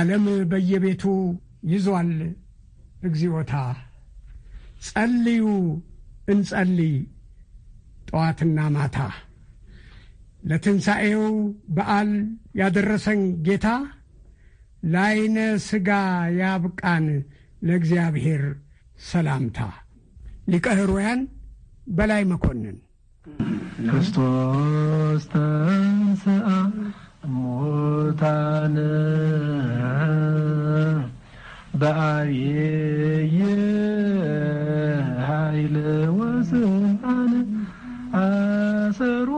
ዓለም በየቤቱ ይዟል እግዚኦታ። ጸልዩ እንጸልይ ጠዋትና ማታ ለትንሣኤው በዓል ያደረሰን ጌታ ላይነ ሥጋ ያብቃን ለእግዚአብሔር ሰላምታ ሊቀ ሕሩያን በላይ መኮንን ክርስቶስ ተንሥአ ሙታን በአብይ ኃይል ወስልጣን አሰሮ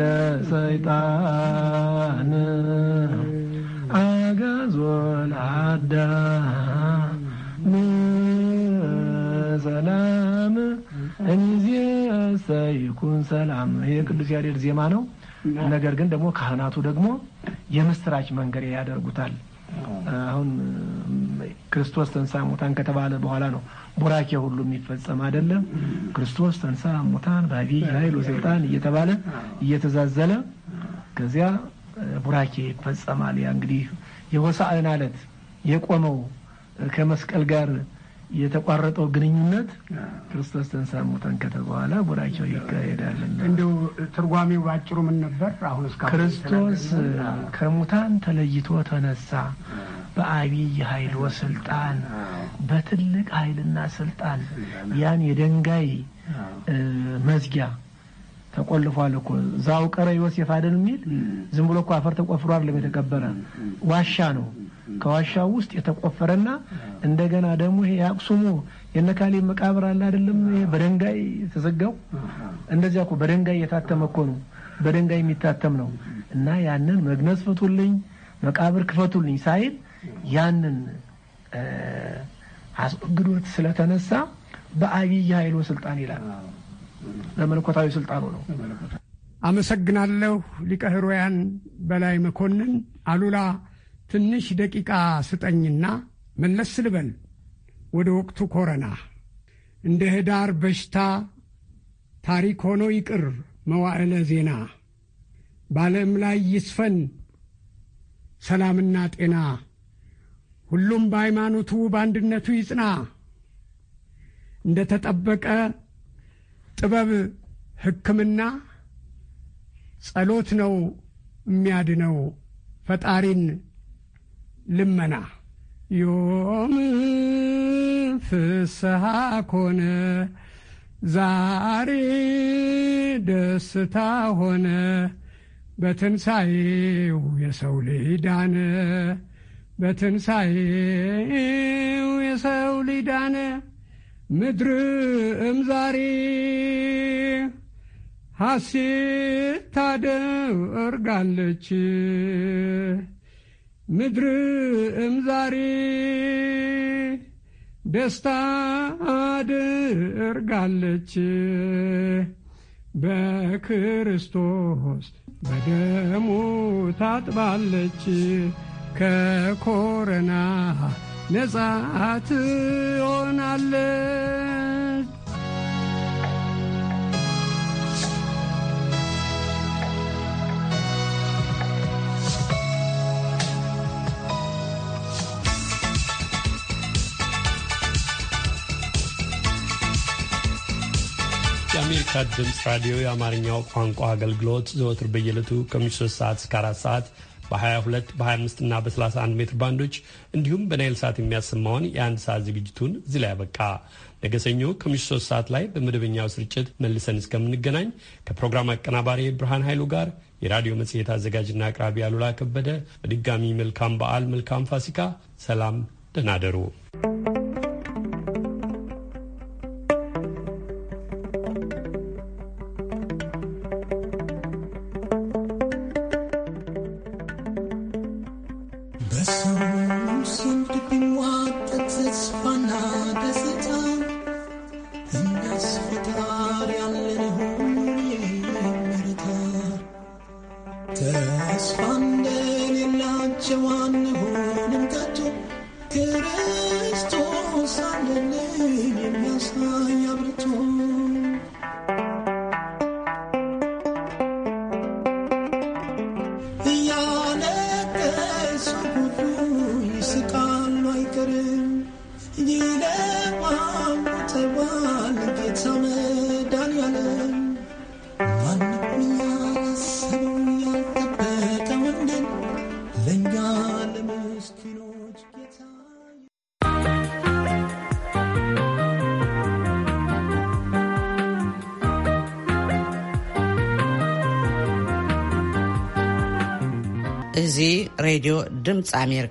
ለሰይጣን አዳ ሰላም እንዚያሰ ይኩን ሰላም የቅዱስ ያሬድ ዜማ ነው። ነገር ግን ደግሞ ካህናቱ ደግሞ የምስራች መንገሪያ ያደርጉታል። አሁን ክርስቶስ ተንሳ ሙታን ከተባለ በኋላ ነው ቡራኬ ሁሉ የሚፈጸም አይደለም። ክርስቶስ ተንሳ ሙታን በዐቢይ ኃይል ወሥልጣን እየተባለ እየተዛዘለ ከዚያ ቡራኬ ይፈጸማል። ያ እንግዲህ የሆሳዕና አለት የቆመው ከመስቀል ጋር የተቋረጠው ግንኙነት ክርስቶስ ተንሥአ እሙታን ከተባለ በኋላ ቡራኬው ይካሄዳል። እንደው ትርጓሜው ባጭሩ ምን ነበር? አሁን ክርስቶስ ከሙታን ተለይቶ ተነሳ በአብይ ኃይል ወስልጣን፣ በትልቅ ኃይልና ስልጣን ያን የድንጋይ መዝጊያ ተቆልፏል እኮ ዛው ቀረ ዮሴፍ አይደል የሚል ዝም ብሎ እኮ አፈር ተቆፍሮ አይደለም የተቀበረ ዋሻ ነው። ከዋሻው ውስጥ የተቆፈረና እንደገና ደግሞ ይሄ አክሱሙ የነካሌ መቃብር አለ አይደለም በደንጋይ ተዘጋው እንደዚያ እኮ በደንጋይ እየታተመ እኮ ነው። በደንጋይ የሚታተም ነው እና ያንን መግነዝ ፍቱልኝ፣ መቃብር ክፈቱልኝ ሳይል ያንን አስወግዶት ስለተነሳ በአብይ ኃይሎ ስልጣን ይላል። በመለኮታዊ ስልጣኑ ነው። አመሰግናለሁ። ሊቀ ሕሩያን በላይ መኮንን አሉላ፣ ትንሽ ደቂቃ ስጠኝና መለስ ልበል ወደ ወቅቱ ኮረና። እንደ ህዳር በሽታ ታሪክ ሆኖ ይቅር መዋዕለ ዜና፣ በዓለም ላይ ይስፈን ሰላምና ጤና፣ ሁሉም በሃይማኖቱ በአንድነቱ ይጽና እንደ ተጠበቀ ጥበብ ሕክምና፣ ጸሎት ነው የሚያድነው ፈጣሪን ልመና ዮም ፍስሐ ኮነ ዛሬ ደስታ ሆነ በትንሣኤው የሰው ልዳነ በትንሣኤው የሰው ልዳነ ምድርም ዛሬ ሐሴት ታደርጋለች። ምድርም ዛሬ ደስታ አድርጋለች። በክርስቶስ በደሙ ታጥባለች ከኮረና ነጻ ትሆናለች። የአሜሪካ ድምፅ ራዲዮ የአማርኛው ቋንቋ አገልግሎት ዘወትር በየለቱ ከምሽቱ 3 ሰዓት እስከ 4 ሰዓት በ22 በ25 እና በ31 ሜትር ባንዶች እንዲሁም በናይል ሰዓት የሚያሰማውን የአንድ ሰዓት ዝግጅቱን እዚህ ላይ ያበቃ። ነገ ሰኞ ከምሽቱ 3 ሰዓት ላይ በመደበኛው ስርጭት መልሰን እስከምንገናኝ ከፕሮግራም አቀናባሪ ብርሃን ኃይሉ ጋር የራዲዮ መጽሔት አዘጋጅና አቅራቢ አሉላ ከበደ በድጋሚ መልካም በዓል፣ መልካም ፋሲካ፣ ሰላም፣ ደህና you. tsamiyar ki